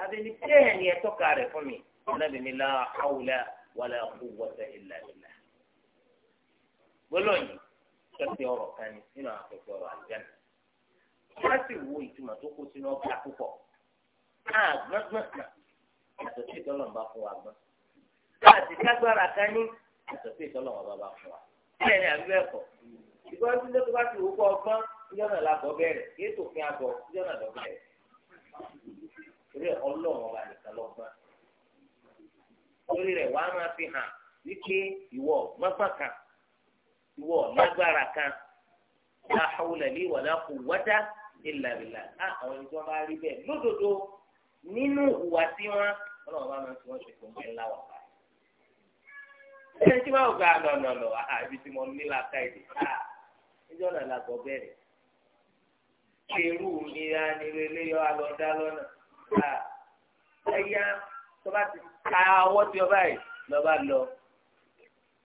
[SPEAKER 1] abẹ́ni bẹ́ẹ̀ ni ẹ tọ́ka rẹ̀ fún mi ọlọ́bìnrin la hawla wala quwwata illa billah. gbólóyìn pínpín ọ̀rọ̀ kan ni nínú àwọn pínpín ọwọ́ àlùjẹ́nà wọ́n sì wo ìtumọ̀ tó kó sínú ọgbà púpọ̀ àgbọ̀ngbọ̀n kan yàtọ̀ sí ìtọ́lọ́mọba fún wa gbọ́n láti lágbára kan ní yàtọ̀ sí ìtọ́lọ́mọba bá fún wa bẹ́ẹ̀ ni àbí bẹ́ẹ̀ kọ́ ìgbọ́n tí ló tó bá ti wò kọ́ ọgbọ́n jọ́nà làbọ̀ bẹ̀rẹ̀ kí ètò fi àbọ̀ jọ́nà lọ bẹ̀rẹ̀ torí ọlọ́run ọba nìkan lọ́gbọ́n torí rẹ̀ wàá máa fi hàn wípé ìwọ mọ́fà kan ìwọ lágbára kan la hawla li wala quwwata illa billah á àwọn ẹni tí wọ́n bá rí bẹ́ẹ̀ lódodo nínú ìwà tí wọ́n ọlọ́run bá máa ń fi wọ́n ṣe fún bẹ́ẹ̀ láwà báyìí ẹni tí wọ́n gbà nọ̀nọ̀nọ̀ àbí tí mo ní làákàyè ìjọ irú ìnira ni ilé yọ alọ́dá lọ́nà ẹ̀yà tó bá ti ka ọwọ́ tí ọba yìí lọ́ba lọ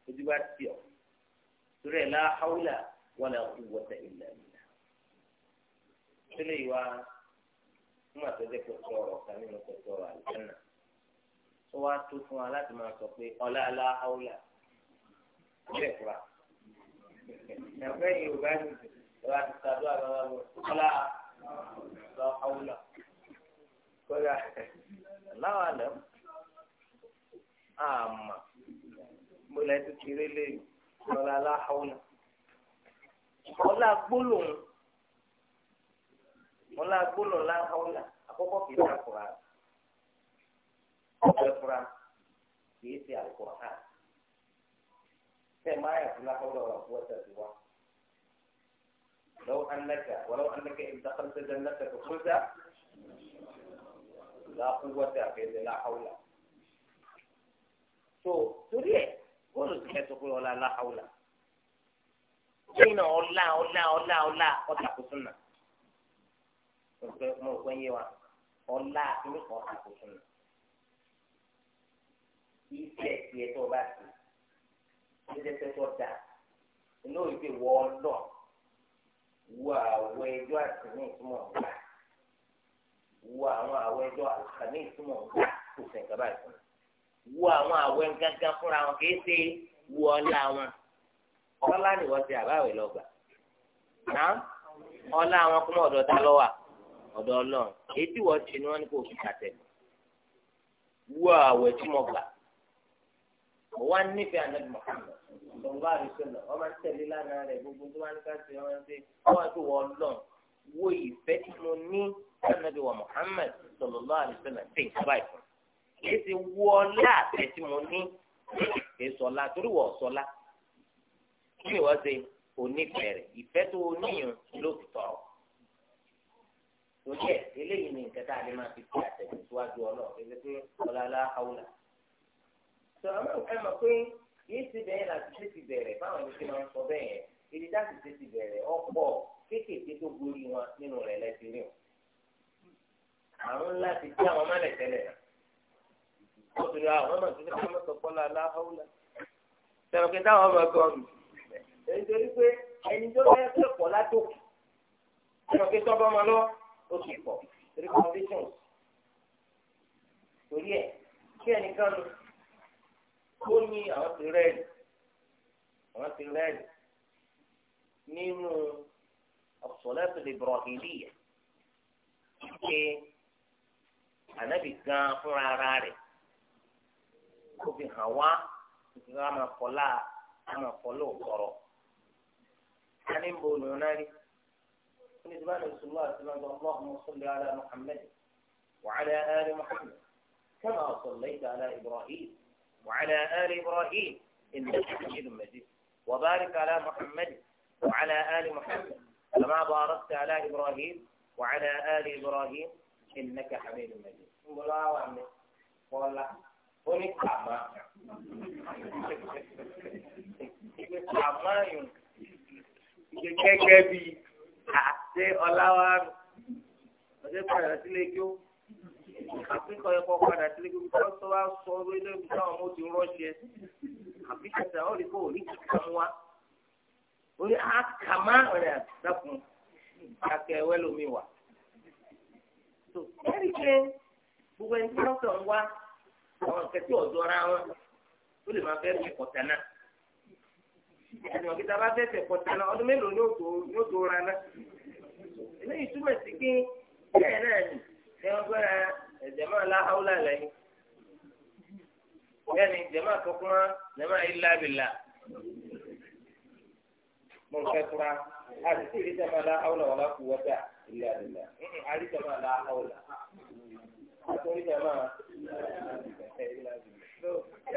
[SPEAKER 1] ojú bá ti ọ̀ torí ẹ̀ la hawla wala quwwata illa billah. sílẹ̀ ìwà nígbà tó dé pẹ̀lú ọ̀rọ̀ kan nínú pẹ̀lú ọ̀rọ̀ àlùfẹ́nà tó wá tó fún wa láti máa sọ pé ọ̀la la hawla ṣẹ̀fura ẹ̀fẹ́ Yorùbá nìyí ìwà ti sàdúrà lọ́wọ́ lọ kọ́lá lọ awúlọ kọ́lá láwa lẹ́ àmà mọ̀lẹ́ ti kiri lé lọ́la láhàwùlọ. ọ̀la gbólóhùn ọ̀la gbólóhùn láhàwùlọ àkọ́kọ́ kìí sàkùrà ọ̀pẹ fura kìí ṣe àkùrà tẹ̀ máa yà fún lakọ́dọ̀ ọ̀rọ̀ لو أنك ولو أنك إن دخلت جنتك لا قوة بإذن لا حول تو تريد قل تقول ولا لا حول lẹ́yìn náà ọlá ọlá ọlá ọlá ọ̀tà kò súnà mo rò pé ń yé wa ọlá inú kan ọ̀tà kò súnà iṣẹ́ tiẹ̀ tó o bá ti ṣe ṣe tó da inú ìgbé wọ ọlọ́ọ̀ wo àwọn ẹjọ́ àtìní ìtumọ̀ gbà wo àwọn àwọn ẹjọ́ àkàní ìtumọ̀ gbà kò sẹ̀ nǹkan báyìí fún mi wo àwọn àwọn gángan fúnra wọn kì í ṣe wo ọlá wọn ọlá ni wọ́n ti àbáwẹ̀ lọ́gbà náà ọlá wọn kúmọ̀ ọ̀dọ̀ ta lọ́wà ọ̀dọ̀ ọlọ́run èyí tí wọ́n ṣe ni wọ́n ní kò fi kàtẹ́ wo àwẹ̀ tí mo gbà wọ́n nífẹ̀ẹ́ ànábì Muhammad lọ́wọ́ àdìsọ́nà wọ́n máa ń tẹ̀lé lánàá rẹ̀ gbogbo tó máa ń káṣí wọ́n máa ń ṣe wọ́n máa ń tó wọ́n lọ wo ìfẹ́ tí mo ní sànàbí wa Muhammad sallallahu alaihi wasallam ṣe ìjọba ìfún kìí ṣe wọ ọlá àtẹ tí mo ní kìí sọlá torí wọ́n sọlá kí ni wọ́n ṣe onífẹ̀ẹ́rẹ̀ ìfẹ́ tó oníyàn ló fi tọ̀ ọ́ torí ẹ̀ eléyìí ni nǹkan tá a lè máa fi fi àtẹ̀kùn síwájú ọlọ́ọ̀ yìí ti bẹ̀rẹ̀ láti ṣe ti bẹ̀rẹ̀ báwọn ẹni ṣe máa ń sọ bẹ́ẹ̀ yẹn èdè láti ṣe ti bẹ̀rẹ̀ ọ̀pọ̀ kéékèèké tó gorí wọn nínú rẹ̀ lẹ́sìn ní o. àwọn ńlá ti tí àwọn má lẹ̀tẹ̀lẹ̀ náà wọ́n ti rí àwọn ọmọ tó ti fẹ́ mọ́tò kọ́lá aláhàúlà sọ̀rọ̀ kí táwọn ọmọ gan mi. nítorí pé ẹni tó fẹ́ kẹ́kọ̀ọ́ látòkù sọ̀rọ̀ kí tọ́gbọ́n máa lọ ó ti pọ̀ torí ó ní àwọn ti rẹ́ẹ̀lì àwọn ti rẹ́ẹ̀lì nínú ọ̀sọ̀lẹ́sì le boro Ibrahimiyya pé ànábì gan fúnra ara rẹ̀ kó fi hàn wá kí wọ́n máa kọ́lá wọ́n máa kọ́lá òkọ̀rọ̀ a ní bo lòun náà rí ni wọ́n ti wa lè sùn lọ́wọ́ àti lọ́wọ́ ara muhammed wàhálà ara muhammed kí wọ́n máa kama sallaita ala Ibrahim. وعلى آل إبراهيم إنك حميد مجيد وبارك على محمد وعلى آل محمد كما باركت على إبراهيم وعلى آل إبراهيم إنك حميد مجيد الله وعمي والله oní kàmá ibi kàmá yùn ibi gẹ́gẹ́ bíi àti ọláwa àfikọ̀ ẹ̀kọ́ padà sí ibi tó tó wá sọ orí lẹ́bi ti rọ́ọ̀ṣì ẹ̀ àfikẹ́sẹ̀ rí kó o ní ah, ah, lómi wà. pé gbogbo ẹni tí ń wá àwọn wọn ó lè máa fi kọ̀tà náà ẹ̀sìn ọ̀gá tá a bá náà ọdún mélòó ni ó tó ra náà eléyìí túmọ̀ sí jama la hawla lẹ́yìn yẹni jama tó kuma jama illa billah mo fẹ́ kura àti tí ìdí jama la hawla wala quwwata illa billah àti jama la hawla àti orí jama ẹ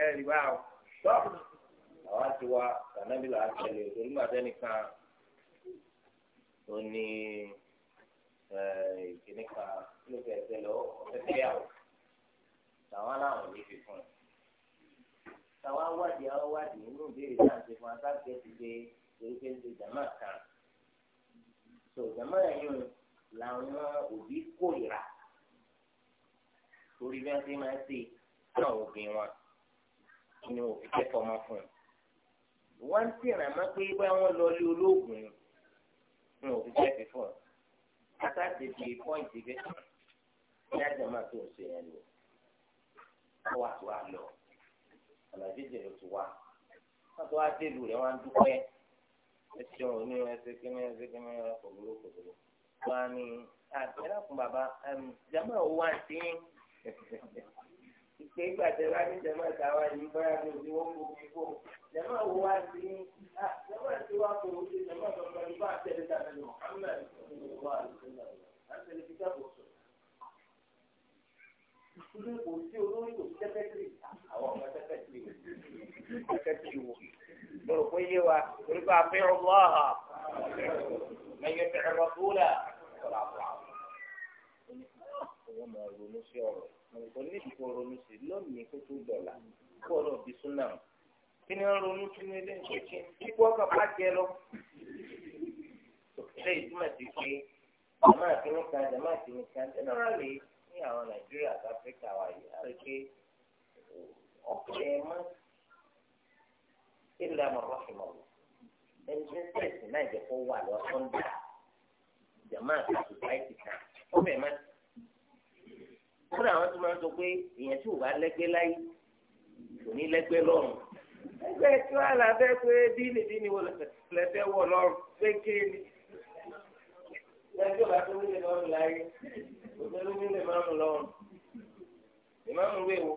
[SPEAKER 1] ẹ ìwà o tọ́ àwọn àti wa tànàbí là á nígbà tẹ́nìkan ó ní ìkíníkà lóbi ẹsẹ̀ lọ ọ̀fẹ́fẹ́ tàwọn aláwọ̀ ní fífún un. tàwọn awádìí awádìí inú ìbéèrè náà fún asáfẹ́ ti gbé erékẹ́ ti jàmá kan. tó jàmá yẹn làwọn òbí kórìíra torí bí wọ́n ti máa ṣe náà òbí wọn ni òfin kẹ́kọ̀ọ́ máa fún un. wọ́n ń pé bá lọ lé olóògùn ní òfin kẹ́kọ̀ọ́ fún un àtàtì fi pọ́ǹtì gẹ́ ní àjọmọ́ tó ń ṣe yẹn lò ó wà tó a lọ àlàjì jẹ̀rọ tó wà wọ́n tó wá délùú rẹ̀ wọ́n á dúpẹ́ ẹ ṣeun ní ẹsẹ̀ kíní ẹsẹ̀ kíní ẹsẹ̀ kòkòrò kòkòrò wọ́n á ní àtẹ̀lẹ́kùn ah, bàbá jàmbá òun wá sí ìpè gbàtẹ bá ní jẹmọ àtàwọn yìí báyà ní òbí wọn kò fi kó jẹmọ wo wá sí ní jẹmọ tí wàá kó o ṣe jẹmọ kankan ní bá tẹlẹ dáná ní Muhammad wà lùsùnà àtẹlẹ fi kẹfọ sọ. ìṣúlẹ̀ kò sí olórí kò sí tẹ́tẹ́tì àwọn ọmọ tẹ́tẹ́tì wò lórí kó yé wa torí kó àfẹ́ ọlọ́ ha mẹ́yẹ kò ní ìdìbò ronú sí lónìí kó tó dọ̀là kó ọ̀rọ̀ bí súnà o kí ni wọ́n ronú kí ni ilé ìṣe kí ni kíkọ́ ọkàn bá jẹ lọ. ilé ìtumọ̀ ti pé jama àfihàn kan jama àfihàn kan generally ní àwọn Nàìjíríà àti Áfíríkà wa yìí á rí pé ọkùnrin ẹ̀ máa ilé àmọ̀ rọ́ọ̀fìmọ̀ ẹni tí ń tẹ̀sí náà jẹ́ wà lọ́sọ̀ndà jama àti sòsáìtì kan ó bẹ̀ máa kódà wọn tún máa ń sọ pé èèyàn tí ò bá lẹ́gbẹ́ láyé kò ní lẹ́gbẹ́ lọ́rùn ẹgbẹ́ tí wàá là fẹ́ pé díìnì díìnì wọ lẹ́fẹ́ wọ lọ́rùn pé kéènì lẹ́gbẹ́ bá tó wílé lọ́rùn láyé kò tó ló wílé márùn lọ́rùn ìmáàmù wé wo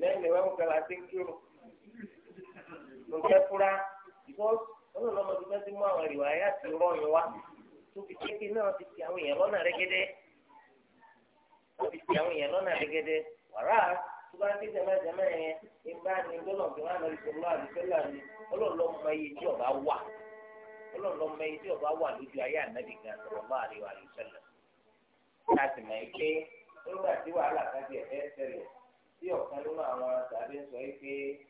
[SPEAKER 1] lẹ́yìn ìmáàmù kan láti ń kírun mo fẹ́ fúra because ọlọ́run ọmọdé fẹ́ ti mú àwọn ìwà ayé àti rọ́ọ̀yìn wá tó fi kéèké náà ti ti àwọn èèyàn lọ́nà rẹ́gẹ́dẹ́. ó fi ti àwọn èèyàn lọ́nà gẹ́gẹ́dẹ́ wàrà tó bá ké jama jama yẹn ní bá ní gbọ́dọ̀ wà lórí sọlá àdìsọ́lá ni ọba wà iye ọba wà lójú ayé ànábì gan àríwá láti mọ̀ nígbà tí wàhálà tí ọ̀kan sọ ike.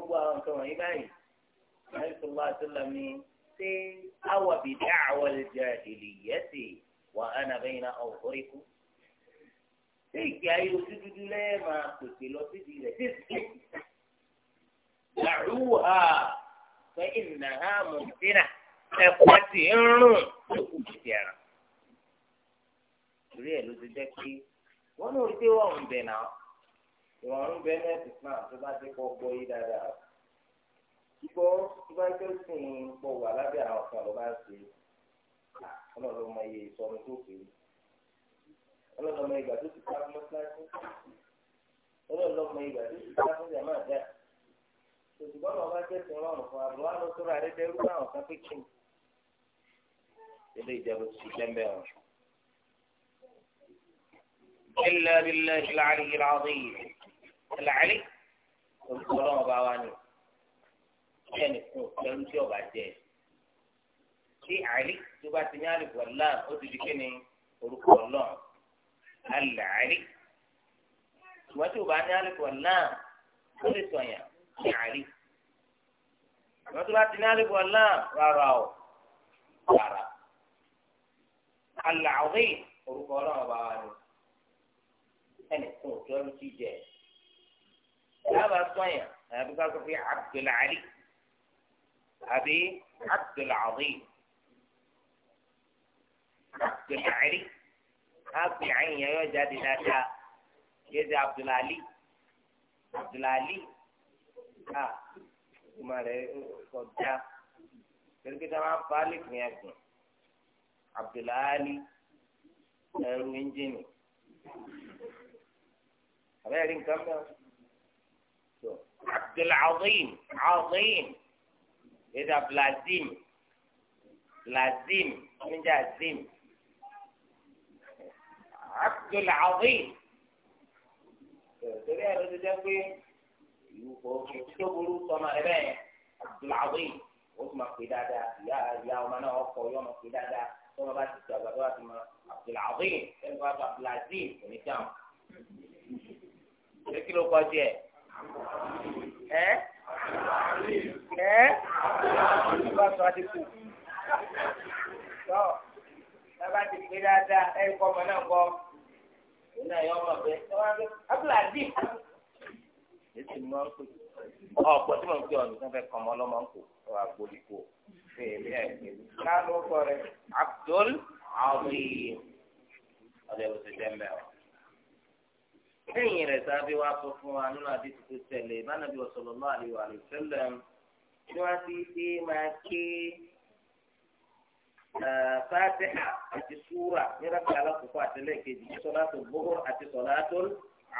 [SPEAKER 1] gbogbo àwọn nǹkan wọ̀nyí báyìí ànábì sallallahu alaihi wasallam ni ṣé awà bí dáàwọ̀ lè jẹ ìlìyẹ́sì wà á nà bẹ́yìn náà ọ̀kọ́rí kú. ṣé ìgbé ayé ojú dúdú lẹ́ẹ̀ máa pèsè lọ síbi rẹ̀ sí ìsìnkú. dàrúwà fẹ́ ìnáhà mọ̀tínà ẹ̀kọ́ ti ń rùn lókù jìjì ẹ̀ràn. torí ẹ̀ ló ti jẹ́ pé wọ́n náà rí pé wọ́n ń bẹ̀ náà ìrọ̀rùn bẹ́ẹ̀ islam tó bá ti kọ́ gbọ́ yí dáadáa kíkọ́ tó bá fẹ́ sìn pọ̀ wà lábẹ́ àwọn kan ló bá ń ṣe ọlọ́dọ̀ ọmọ iye ìsọnù tó pè é ọlọ́dọ̀ ọmọ ìgbà tó ti ká fún mọ́sálásí ọlọ́dọ̀ ọmọ ìgbà tó ti ká fún jàmá àjà òṣùgbọ́n náà bá tẹ̀sán ọlọ́run fún abúlé wa lọ sọ́ra rẹ dẹ́rú láwọn kan pé kí ni ilé ìjẹ́bù ti tẹ́ńbẹ́ wọn. إلا بالله العلي العظيم ọ̀làálí olùkọ́ ọlọ́run bá wà ní ṣé ẹnìkan pẹ̀lú tí ọba jẹ ṣé àlí tó bá ti ní àlùkò náà ó ti di kí ni orúkọ ọlọ́run àlàálí ṣùgbọ́n tí o bá ní àlùkò náà ó lè sọ̀yàn ṣé àlí ṣùgbọ́n tó bá ti ní àlùkò rárá o rárá àlàálí orúkọ ọlọ́run bá wà ní ẹnìkan pẹ̀lú tí jẹ. هذا صنيع هذا قال في عبد العلي أبي عبد العظيم عبد العلي هذا عين يا جدي لا يا جدي عبد العلي عبد العلي ها تمارے کو کیا پھر کے جواب پا لکھنے ہیں عبد العلی ہے انجینئر ابھی ارین کام کر abdulazim azim ẹ̀dá blazim blazim níjà zim abdulazim torí ẹ̀rọ ti jẹ́ pé ìwúkọ̀ òkè tó burú sọmọ ẹ bẹ́ẹ̀ abdulazim ó sì máa pè dáadáa ìyá ìyá ọmọ náà ọkọ̀ yóò máa pè dáadáa tó máa bá ti sọ àgbàdo àti máa abdulazim ẹni tó bá sọ abdulazim kò ní dáhùn. ṣé kí ló kọ́ díẹ̀? ẹ́ ẹ́ bá sọ adékò tọ́ bàbá ti pè dáadáa ẹ̀ kọ́ ọmọ náà kọ́ òun náà yọ ọmọ bẹ́ẹ̀ ẹ wá ń bẹ abúlé àdì èsì ni wọ́n ń pè ọ̀pọ̀ tí mo ń pè ọ lẹ́yìn rẹ̀ sábẹ́ wá sọ fún wa nínú àdìsí tó tẹ̀lé ìbánabi sallallahu alaihi wa sallam ni wọ́n ti ṣe máa ké fatiha àti súra nírọ̀kì alákòókò àtẹlẹ́ kejì sọ̀látò bóhùr àti sọ̀látò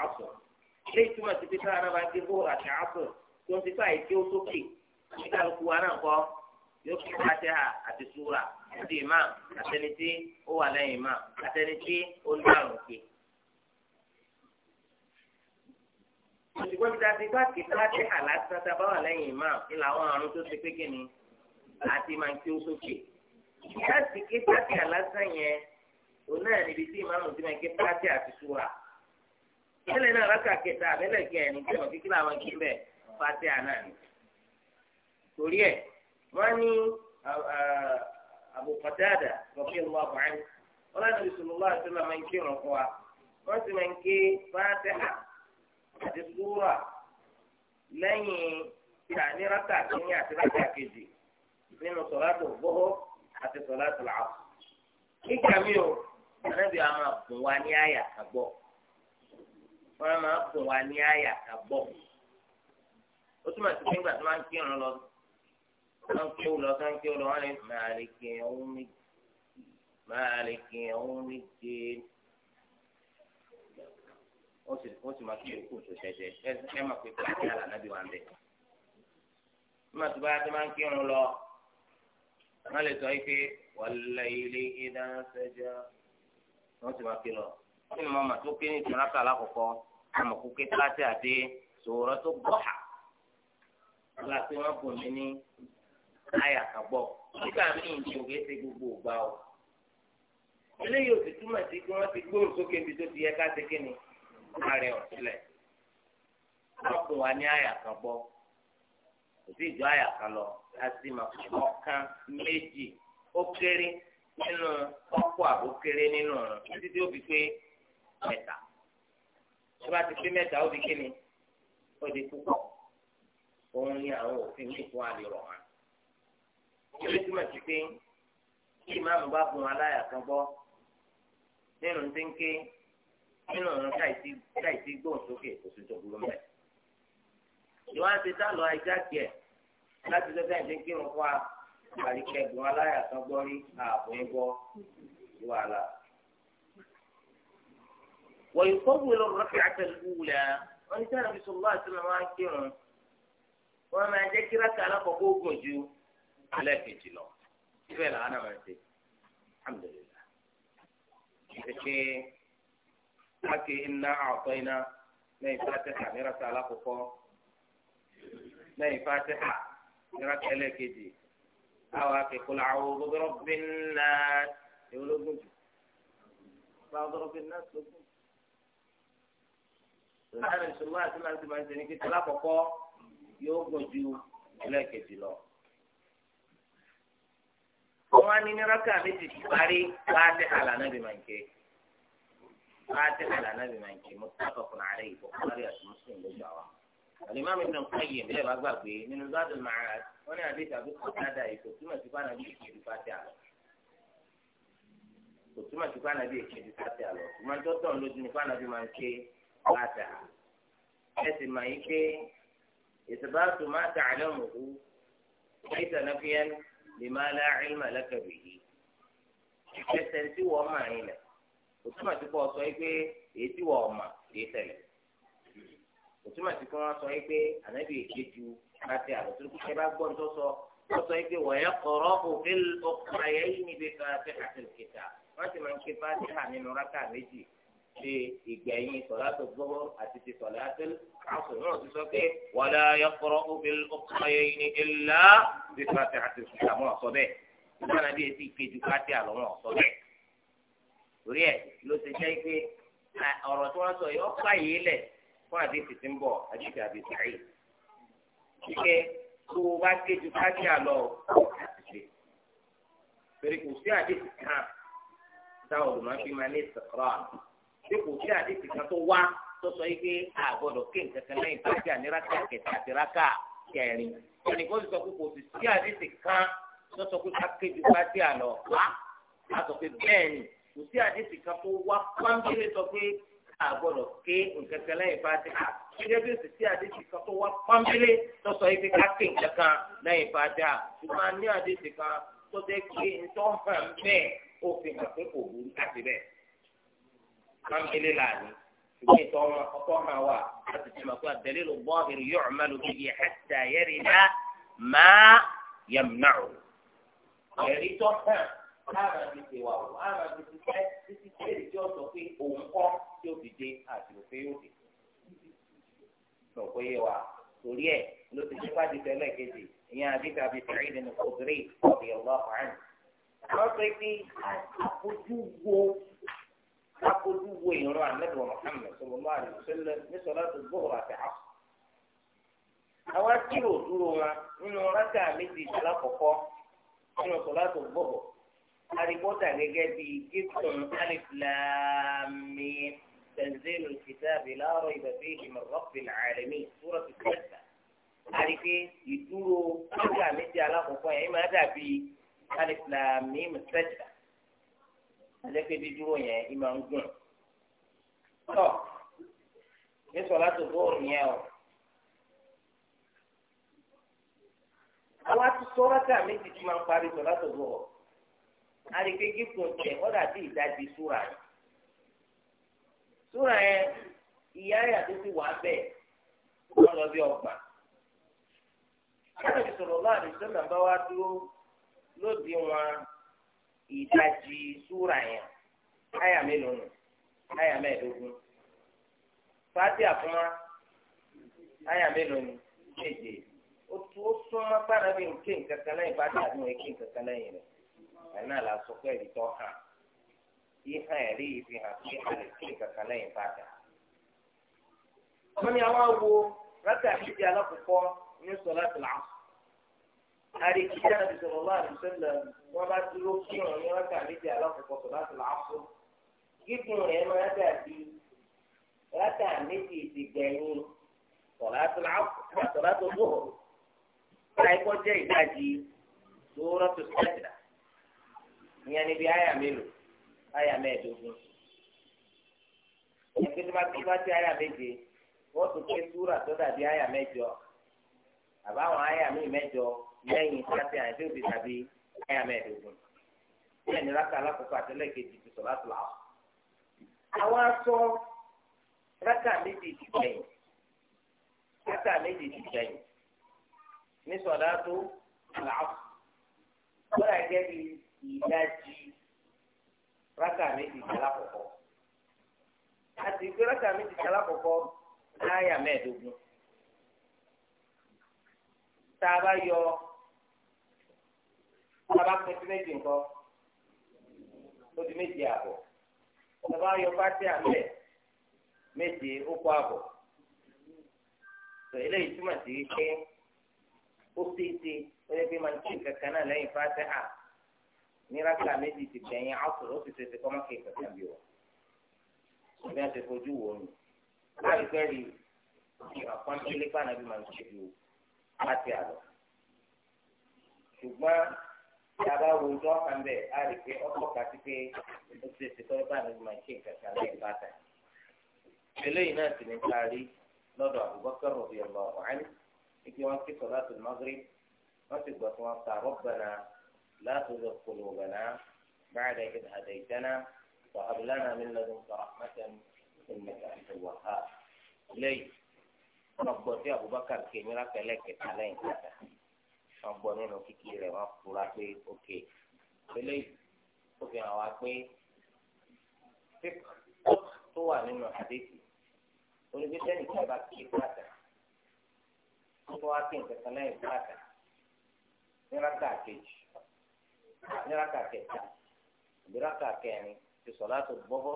[SPEAKER 1] àṣùr. ilé ìtumọ̀ ti fi ká ara bá gé bóhùr àti àṣùr tó ń ti fà èké ó sókè ní kálukú wa náà kọ́ yóò fi fatiha àti súra àti ìmáà àtẹnití ó wà lẹ́yìn ìmáà àtẹnití ó ń dárò kéè. òṣùgbọ́n mi ta ti bá kí káàtì àlàáfíà tá a bá wà lẹ́yìn imam ní làwọn àrùn tó ti pé kíni àti máa ń kí ó sókè láti kí káàtì àlàáfíà yẹn òun náà níbi tí imam ti máa ń kí káàtì àti súra tẹ́lẹ̀ náà rákà kẹta àbẹ́lẹ̀ kẹrin tí wọ́n kíkí làwọn kí bẹ́ẹ̀ fàtí àná ni torí ẹ̀ wọ́n ní Abu Qatada rọ̀bí ọlọ́ àbọ̀rẹ́ wọn láti Rasulullah àti ọlọ́ máa ń kí ọ̀rọ̀ fún wa wọ́n sì máa ń kí fàtí àná àti súrà lẹ́yìn ìtàní rákà kínní àti rákà kejì nínú sọ̀láàtò gbọ́hó àti sọ̀láàtò làásù. kíkà mi o ànábì wa máa bùn wa ní àyà kan gbọ́ wọ́n máa bùn wa ní àyà kan gbọ́ ó túmọ̀ sí pé nígbà tí wọ́n máa ń kírun lọ wọ́n ń kí lọ sọ́n kí ó lọ wọ́n lè máa lè kí ẹ̀ ń mí máa lè kí ẹ̀ ń mí jẹ́ ó sì ó sì máa kí yòókù tó tẹ̀tẹ̀ ẹ ẹ máa pe pàṣẹ àlànàbí wa ń bẹ̀. nígbà tó bá ti máa ń kírun lọ wọ́n lè sọ yìí pé wàlẹ̀ ilé ìdá wọ́n sì máa kí lọ. kí ni màmá tó ké ní ìtúnáka alákọ̀ọ́kọ́ àmọ̀kú ké pàṣẹ àti sòwòrán tó gbọ́hà. wọ́n á pé wọ́n bùn mí ní àyà kan gbọ́. nígbà míì ní òwe ṣe gbogbo ògbà o. eléyìí ò ni kárẹ̀ ọ̀sílẹ̀ lọ́kùn wa ní àyà kan bọ́ kò sí ìjọ àyà kan lọ láti máa kọ́ ọ̀kan méjì ó kéré nínú ọ̀pọ̀ àbó kéré nínú ọ̀ràn títí tí ó fi pé mẹ́ta tó bá ti pé mẹ́ta ó di kíni ó di púpọ̀ òun ni àwọn òfin ní ìfún àlè rọ̀ wọn. ìwé túmọ̀ sí pé kí ìmáàmù bá gun aláyà kan gbọ́ nínú tí ń ké nínú ọ̀run káìsí gbóhùn sókè kò sí tó burú mẹ́. ìwọ́n ti sá lọ ajá tiẹ̀ láti lọ́sẹ̀ ìdí kírun fún wa àríkẹ́gun aláyàtọ̀ gbọ́ rí ààbò ń gbọ́ sí wàhálà. wọ́n ìkọ́wé lọ rọ́ọ̀kì àtẹlẹ́wùlẹ̀ wọ́n ní sẹ́yìn àbísọ̀ lọ́wọ́ àti màmá ń kírun wọ́n máa jẹ́ kíráàkì alákọ̀ọ́kọ́ ogun ju alẹ́ lọ síbẹ̀ làwọn náà máa ń ṣe ake iná àtọ iná lẹ́yìn fatiha níraka alákọ̀ọ́kọ́ lẹ́yìn fatiha níraka ẹlẹ́kejì àwọn akẹ́kọ̀ọ́ àwọn gbogbo bin nas ewológún jù gbogbo bin nas lógún jù lọ́nà ìṣòro àti láti máa ń ṣe ní kíkọ́ alákọ̀ọ́kọ́ yóò gùn ju ẹlẹ́kejì lọ wọn á ní ní raka méjì parí bá dé àlànà bí màá ń ké. فاتح على نبي منكي متفق عليه بخاري مسلم بالدعوة الإمام ابن القيم ليه بقى بيه من زاد المعاد وأنا حديث أبو قتادة يقول ثم تبان أبي يكيد فاتح له ثم تبان أبي يكيد فاتح له ثم تبان لجن فان أبي منكي فاتح اسم يكي إثبات ما تعلمه ليس نفيا لما لا علم لك به كسنتي وما علم òtúmọ̀ sí kọ́ sọ pé èyí tí wọ́n ọ̀mà kìí tẹ̀lé òtúmọ̀ sí kọ́ sọ pé ànábì èké ju láti àlọ́ tó kúkẹ́ bá gbọ́n tó sọ wọ́n sọ pé wọ̀nyẹ́ kọ̀rọ̀ òfin ọkùnrin ayé yìí níbi fàtẹ́ àti ìkẹta wọ́n sì máa ń ké fàtẹ́ hà nínú rákà méjì ṣe ìgbẹ̀yìn sọ̀látò gbọ́wọ́ àti ti sọ̀látò káṣù náà ti sọ pé wàlá yọkọ̀rọ̀ òfin ọkùnrin ayé yìí ní ilá bí fàtẹ́ àti torí ẹ̀ ló ti jẹ́ pé ọ̀rọ̀ tí wọ́n sọ yìí ọ̀pá yìí lẹ̀ fún àdìsí tí ń bọ̀ àdìsí àdìsí àyè ṣíkẹ́ tó o bá ké ju kájí àlọ́ àtìṣe torí kò sí àdìsí kan táwọn olùmọ̀ọ́fin máa ní sàkúrọ̀ọ̀nù tí kò sí àdìsí kan tó wá tó sọ yìí pé àgbọ̀dọ̀ ké nǹkan kan lẹ́yìn kájí àníraka kẹta àtìraka kẹrin ẹnì kan sọ pé kò sì sí àdìsí kan tó sọ pé ká ké ju kájí àlọ́ wá á sọ pé bẹ́ẹ̀ ni kò sí àdéhùn kan tó wá pọ́ńkélé sọ pé àgbọ̀dọ̀ ké nǹkan kan lẹ́yìn fatiha gẹ́gẹ́ bí o sì sí àdéhùn kan tó wá pọ́ńkélé tó sọ ibi ká ké nǹkan kan lẹ́yìn fatiha ṣùgbọ́n a ní àdéhùn kan tó jẹ́ pé ntọ́ hàn bẹ́ẹ̀ ó fi hàn pé kò burú láti bẹ́ẹ̀ pọ́ńkélé làní ṣùgbọ́n ìtọ́ ọkọ hàn wà láti fi mọ̀ pé àdẹ́lẹ́lò bọ́ọ̀hìn yóò mẹ́lò bíi ẹ̀ẹ́dà yẹ́rìndà máa yẹ̀mnáà ẹ̀rí tó àmà fi ṣe wà wò àmà fi ti fẹ́ títí tẹ́lẹ̀ tí ó sọ pé òun kọ́ tí ó fi dé àti òfin yóò dé. Sọ̀kò yé wa torí ẹ̀ ló ti ṣe wádìí tẹ́lẹ̀ kejì ìyẹn àdìgbà bíi tẹ̀lé nínú kòtìrì ọ̀dì ọ̀lá ọ̀hán. Àwọn sọ pé àkójú wo àkójú wo ìran Ahmed wa Muhammad sallallahu alaihi wasallam tó gbóhùn Àwọn akérò dúró wọn nínú rákà méjì ìṣẹ̀lá kọ̀kọ́ nínú sọlá tó gbóhùn arìmọ́tà gẹ́gẹ́ bí gígùn alifilami tanzilu kitabi la rayba fihi min rabbil alamin suratu Fatiha àríké ìdúró ọjà méjì alákọ̀ọ́kọ́ yẹn máa dàbí alifilami Fatiha àjẹpẹ́ dídúró yẹn ìmọ̀ ń gùn. tọ́ ní sọ̀rọ̀ láti bọ́ọ̀lù yẹn o. àwa ti sọ́ra tá a méjì tí ń parí sọ̀rọ̀ láti bọ́ọ̀lù àríkè gígùn tẹ̀ ọ́ dàbí ìdajì súra yẹn súra yẹn ìyá ẹ̀yà tó ti wà bẹ́ẹ̀ wọ́n lọ bí ọgbà. Ànábì sallallahu alaihi wasallam bá wá dúró lóde wọn ìdajì súra yẹn áyà mélòó nù áyà mẹ́ẹ̀ẹ́dógún. Fáàtì àfúnmá áyà mélòó nù méje. Ó tún ó súnmọ́ bá Ànábì nǹkan kankan lẹ́yìn fáàtì àdúgbò nǹkan kankan lẹ́yìn rẹ̀ ẹ̀ náà la sọ pé ẹ̀rí tó hàn ìhàn ẹ̀rí yìí fi hàn pé a lè fi kankan lẹ́yìn padà. wọ́n ní àwọn wo rákà méjì alákòókò ní sọlá tó làwọn. àrí kí ẹ̀rọ ti sọ̀rọ̀ lọ́wọ́ àdùsẹ́lẹ̀ wọ́n bá dúró kí wọn ní rákà méjì alákòókò sọlá tó làwọn. gígùn rẹ̀ máa dàbí rákà méjì ìdìgbẹ̀yìn sọlá tó làwọn sọlá tó lọ́wọ́. láìpọ́ jẹ́ ìdajì lóòrọ́ tó sẹ́jìdá ìyẹn níbi àyà mélòó àyà mẹ́ẹ̀ẹ́dógún ìyẹn pé tó bá tó bá ti àyà méje wọ́n tún ké súrà tó dàbí àyà mẹ́jọ àbáwọn àyà míì mẹ́jọ lẹ́yìn sáté àti òbí tàbí àyà mẹ́ẹ̀ẹ́dógún ìyẹn ní rákà alákòókò àtẹlẹ́kejì ti sọ̀rọ̀ àtúlà àwọn aṣọ rákà méjì ti gbẹ̀yìn rákà méjì ti gbẹ̀yìn ní sọ̀dá tó àlàáfù. Bọ́lá ìdajì rákà méjì jẹ́ a àti ìgbé rákà méjì jẹ́ lákọ̀ọ́kọ́ láyà mẹ́ẹ̀ẹ́dógún tá a bá yọ tá a bá pín sí méjì nǹkan ó di méjì àbọ̀ tá a bá yọ pátí àmẹ́ méjì ó kó àbọ̀ tó eléyìí túmọ̀ sí pé ó ṣeé ṣe ó yẹ pé máa ń kí nǹkan náà lẹ́yìn fásitì àbọ̀ ní rákà méjì ti gbẹ̀yìn àtúrò ó sì ṣe ṣe kọ́ mọ́kì kẹ̀kẹ́ bí wọ́n. ìbí ẹsẹ̀ fojú wò ni láì fẹ́ rí ìwà pọ́ńpẹ́lẹ́ pàànà bí màá ń ṣe ju láti àlọ́. ṣùgbọ́n tí a bá wo ojú ọ̀kan bẹ́ẹ̀ á rí pé ọkọ̀ kà sí pé ó ṣe ṣe kọ́ pàànà bí màá ń ṣe kẹ̀kẹ́ lẹ́yìn bàtà. eléyìí náà sì ní kárí lọ́dọ̀ Abubakar radiyallahu anhu wọ́n ti gbọ́ tí wọ́n ta rọ́bà náà. لا تزغ قلوبنا بعد إذ هديتنا وهب لنا من لدنك رحمة إنك أنت الوهاب لي ọgbọ́n tí Abubakar kemi lápẹlẹ kẹta lẹ́yìn kẹta ọgbọ́n nínú kíkí rẹ̀ wọn fura pé òkè pélé ó fi hàn wá pé tó wà nínú àdéhùn onígbésẹ́ni kí a bá kí pàtà tó wá kí nǹkan kan lẹ́yìn pàtà ní rákà níraka kẹta níraka kẹrin ti sọláàtù gbọ́bọ́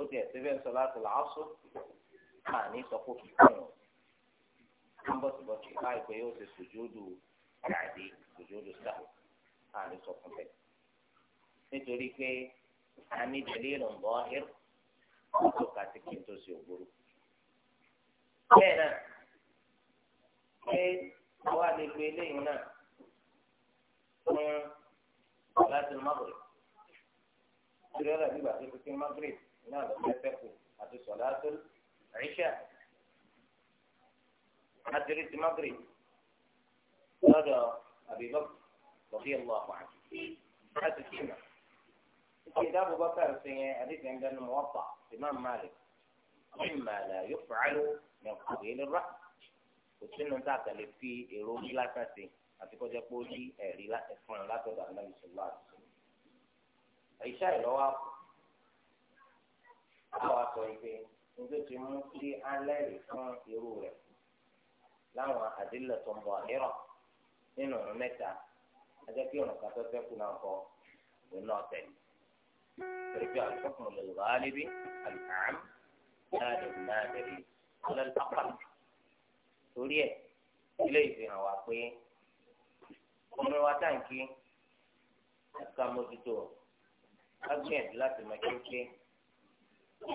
[SPEAKER 1] ó ti ẹ̀sẹ̀ bẹ́ẹ̀ sọláàtù làásù mà ní sọ́kò fífún un ambọ̀tìbọ̀tì láìpẹ́ yóò ṣe sùjúdù gàdí sùjúdù sáà à ní sọ́kùn bẹ́ẹ̀ nítorí pé a ní dẹ̀lílù ń bọ́ ẹ̀rù tó kà sí kí n tó ṣe ògbóró. bẹ́ẹ̀ náà ṣé wàá lè gbé eléyìí náà fún. صلاة المغرب سورة بيبقى في وقت المغرب نعم تفكوا هذه صلاة العشاء حجر المغرب هذا أبي بكر رضي الله عنه هذا كلمة إذا أبو بكر في حديث عند الموضع إمام مالك مما لا يفعل من قبيل الرحم والسنة ذاك اللي فيه لا تاتي àti kọjá pé ó rí ẹ̀rí ẹ̀fọn rẹ̀ látọ̀dọ̀ ànábì sọ̀rọ̀ àti sọ̀rọ̀. àyíṣà ìlọ́wọ́ àbọ̀ àsọ ìpè nígbà tí mú kí alẹ́rìí fún irú rẹ̀ láwọn àdílẹ̀ tó ń bọ̀ nírọ̀ nínú ọ̀rọ̀ mẹ́ta ajẹ́ kí ọ̀nà kan tó fẹ́ kú náà kọ́ òun náà tẹ̀lé. رجع الحكم للغالب الأعم نادر نادر على الأقل. torí ẹ̀ ilé ìfihàn ọmọ wa táǹkì ká mójútó agbẹ̀yẹ̀dì láti máa kéèké kí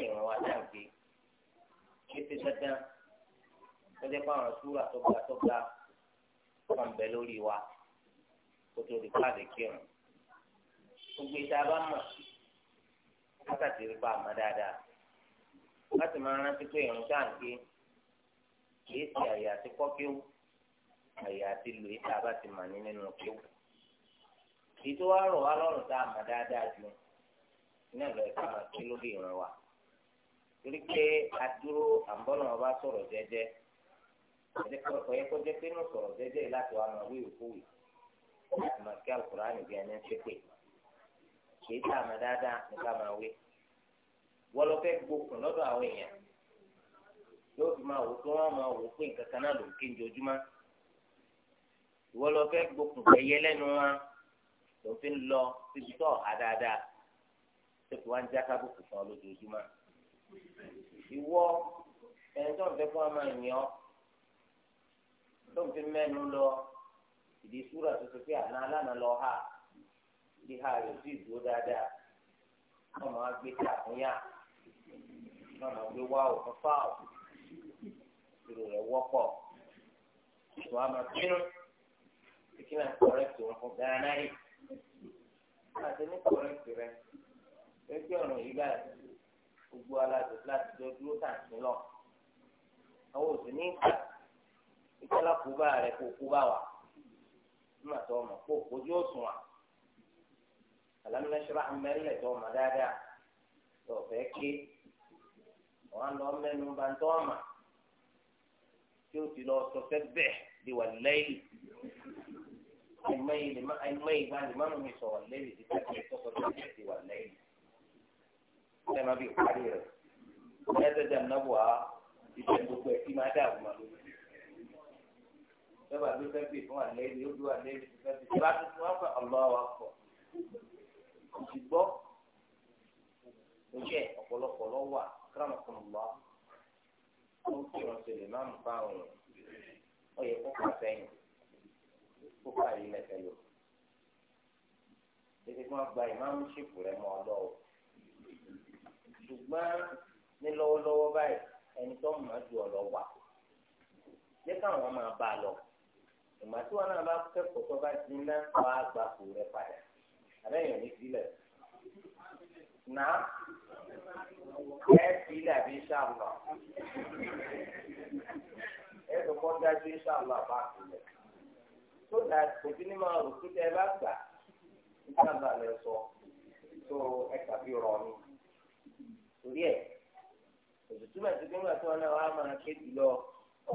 [SPEAKER 1] ìwọ̀n wa táǹkì kété dandan lọ́jọ́ pé àwọn súrà tó ga tó ga wà ń bẹ lórí wa kó di káàdì kírun gbogbo ìta bá mọ̀ wákàtí rí bá a mọ̀ dáadáa láti máa rántí pé ìrun táǹkì kì àyè àti kọ́kíwù àyè àti lò yìí tá a bá ti mà ní nínú kéwù ètò wa rọ̀ wá lọ́rùn tá a mà dáadáa ju iná lọ ẹ̀ka máa ké lórí ìran wa torí pé adúró àbọ̀nà ọba sọ̀rọ̀ jẹ́jẹ́ ọ̀dẹ́kọ̀ọ́ yẹ kó jẹ́ pé inú sọ̀rọ̀ jẹ́jẹ́ láti wá máa wíwò kówì láti máa kí alukóra nìbí ẹni ń ṣépè kìí tá a mà dáadáa nípa máa wí wọ́n lọ fẹ́ gbókun lọ́dọ̀ àwọn èèyàn yóò fi máa wò pé wọ́n máa wò pé nǹkan kan náà ló ń ké ojoojúmọ́ ìwọ lọ fẹ́ gbókùn ẹyẹ lẹ́nu wa lọ fi ń lọ síbi tó ọ̀hà tó fi wá ń já kábùkù fún ọ lójoojúmọ́ ìwọ ẹni tó ń fẹ́ fún wa máa yàn ọ́ tó ń fi mẹ́nu lọ ìdí súrà tó ti fi àná alánà lọ ha bí ha rẹ̀ sí ìdúró dáadáa wọ́n máa gbé tàkúnyà wọ́n máa gbé wá òfin fáwọ̀ ìrò rẹ̀ wọ́pọ̀ ìwọ àmọ̀ bínú kí náà kọrẹ́tì wọn fún gánà yìí àti ní kọrẹ́tì rẹ pépé ọ̀ràn yìí báyìí gbogbo aláàbò láti jọ dúró tàǹtí lọ àwọn òsì ní ìgbà ìkọlá kó bá rẹ kó kó bá wà nígbà tó ọmọ kó ojú òsùn wà alámìnàṣọ́ra mẹ́rìnlẹ̀ tó ọmọ dáadáa tó ọ̀fẹ́ ké wọn lọ mẹ́nu bá ń tọ́ ọmọ tí ó ti lọ sọ fẹ́ bẹ́ẹ̀ di wà lẹ́yìn àìmọye lè má àìmọye ìgbà lè má mú mi sọ̀rọ̀ lẹ́yìn tí káàkiri ẹ̀ tọ́kọ tó ti ti wà lẹ́yìn. ṣé máa bí parí rẹ̀ ẹ̀ẹ́dẹ̀dẹ̀ náwó a ìṣẹ̀ gbogbo ẹ̀ tí máa dàrú ma lórí. lọ́ba ló fẹ́ bì fún àlẹ́yìn ó bí wà lẹ́yìn tó fẹ́ bì tí bá tuntun wá fẹ́ ọlọ́wà pọ̀. òṣìgbọ́ ojú ẹ̀ ọ̀pọ̀lọpọ̀ lọ wà káràmọ̀kọ̀mọ̀lá ó kó káyé lẹsẹ lò títí kí wọn gba ìmáàmùsìpù rẹ mọ ọdọ o ṣùgbọ́n ní lọ́wọ́lọ́wọ́ báyìí ẹni tó mọ ju ọlọ wà jẹ káwọn máa bá a lọ ìgbà tí wọn náà bá kẹ́kọ̀ọ́ tó bá ti ná wọn á gba kù rẹ padà àbẹyẹ ní sílẹ̀ náà ẹ sílẹ̀ àbí sáà lọ ẹ tó kọ dájú sáà lọ àbá sílẹ̀ tó dà òbí ní máa rò pété ẹ bá gbà nígbà bá lẹ sọ tó ẹ tàbí rọ ni torí ẹ òtútù mẹsì pé nígbà tí wọn náà wà á máa ké jùlọ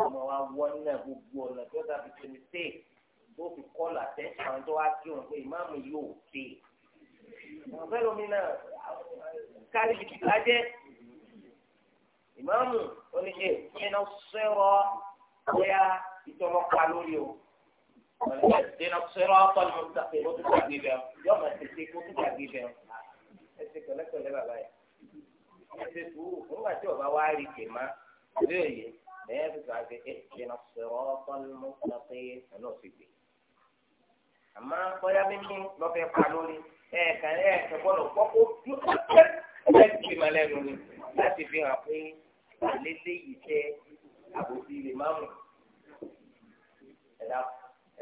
[SPEAKER 1] ọmọ wa wọ náà gbogbo ọ̀nà tó dàbí tó ní tè tó fi kọ́lù àtẹ́sán àwọn tó wá kí òun pé ìmáàmù yóò tè ọ̀fẹ́ lómi náà kárí bìtìtì lájẹ́ ìmáàmù oníṣẹ́ ìpinnu sẹ́rọ̀ bóyá ìjọba lórí o ọ̀nàdínà sọ̀rọ̀ ọ̀pọ̀lọpọ̀ mọ̀tàkì ó tún gbàgbé bẹ́ẹ̀ yóò máa tètè kó tún gbàgbé bẹ́ẹ̀ ẹsẹ̀ pẹ̀lẹ́pẹ̀lẹ́ bàbá yẹn ẹsẹ̀ sùúrù nígbà tí ọba wa rí tèmá bí òye lẹ́yìn tó sọ àti ẹ̀dínà sọ̀rọ̀ ọ̀pọ̀lọpọ̀ ẹ̀nà òsìgbè àmọ́ bóyá mímí lọ́fẹ́ pa lórí ẹ̀ẹ̀kan ẹ̀ẹ̀kan gbọ́dọ̀ pọ́kó láti fi hàn pé àlélẹ́yìí tẹ àbòsí lè má mú ẹ̀dá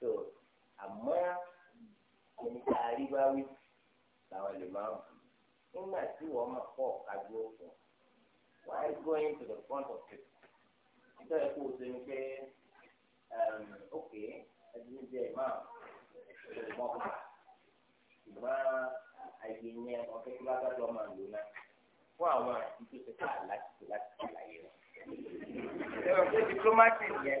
[SPEAKER 1] tó àmọ́ ẹni tá a rí bá wí làwọn lè máa mú nígbà tí wọ́n máa pọ̀ kájú òfin why going to the front of it nítorí kó o ṣe ni pé um, ok ẹni jẹ ìmáà ìmọ̀ ọ̀gá ìmọ̀ àyè yẹn ọ̀fẹ́ tí wọ́n bá lọ́ máa lò náà fún àwọn àti tó ṣe fà láti láti ṣàlàyé rẹ̀. ẹ̀rọ pé diplomatic yẹn.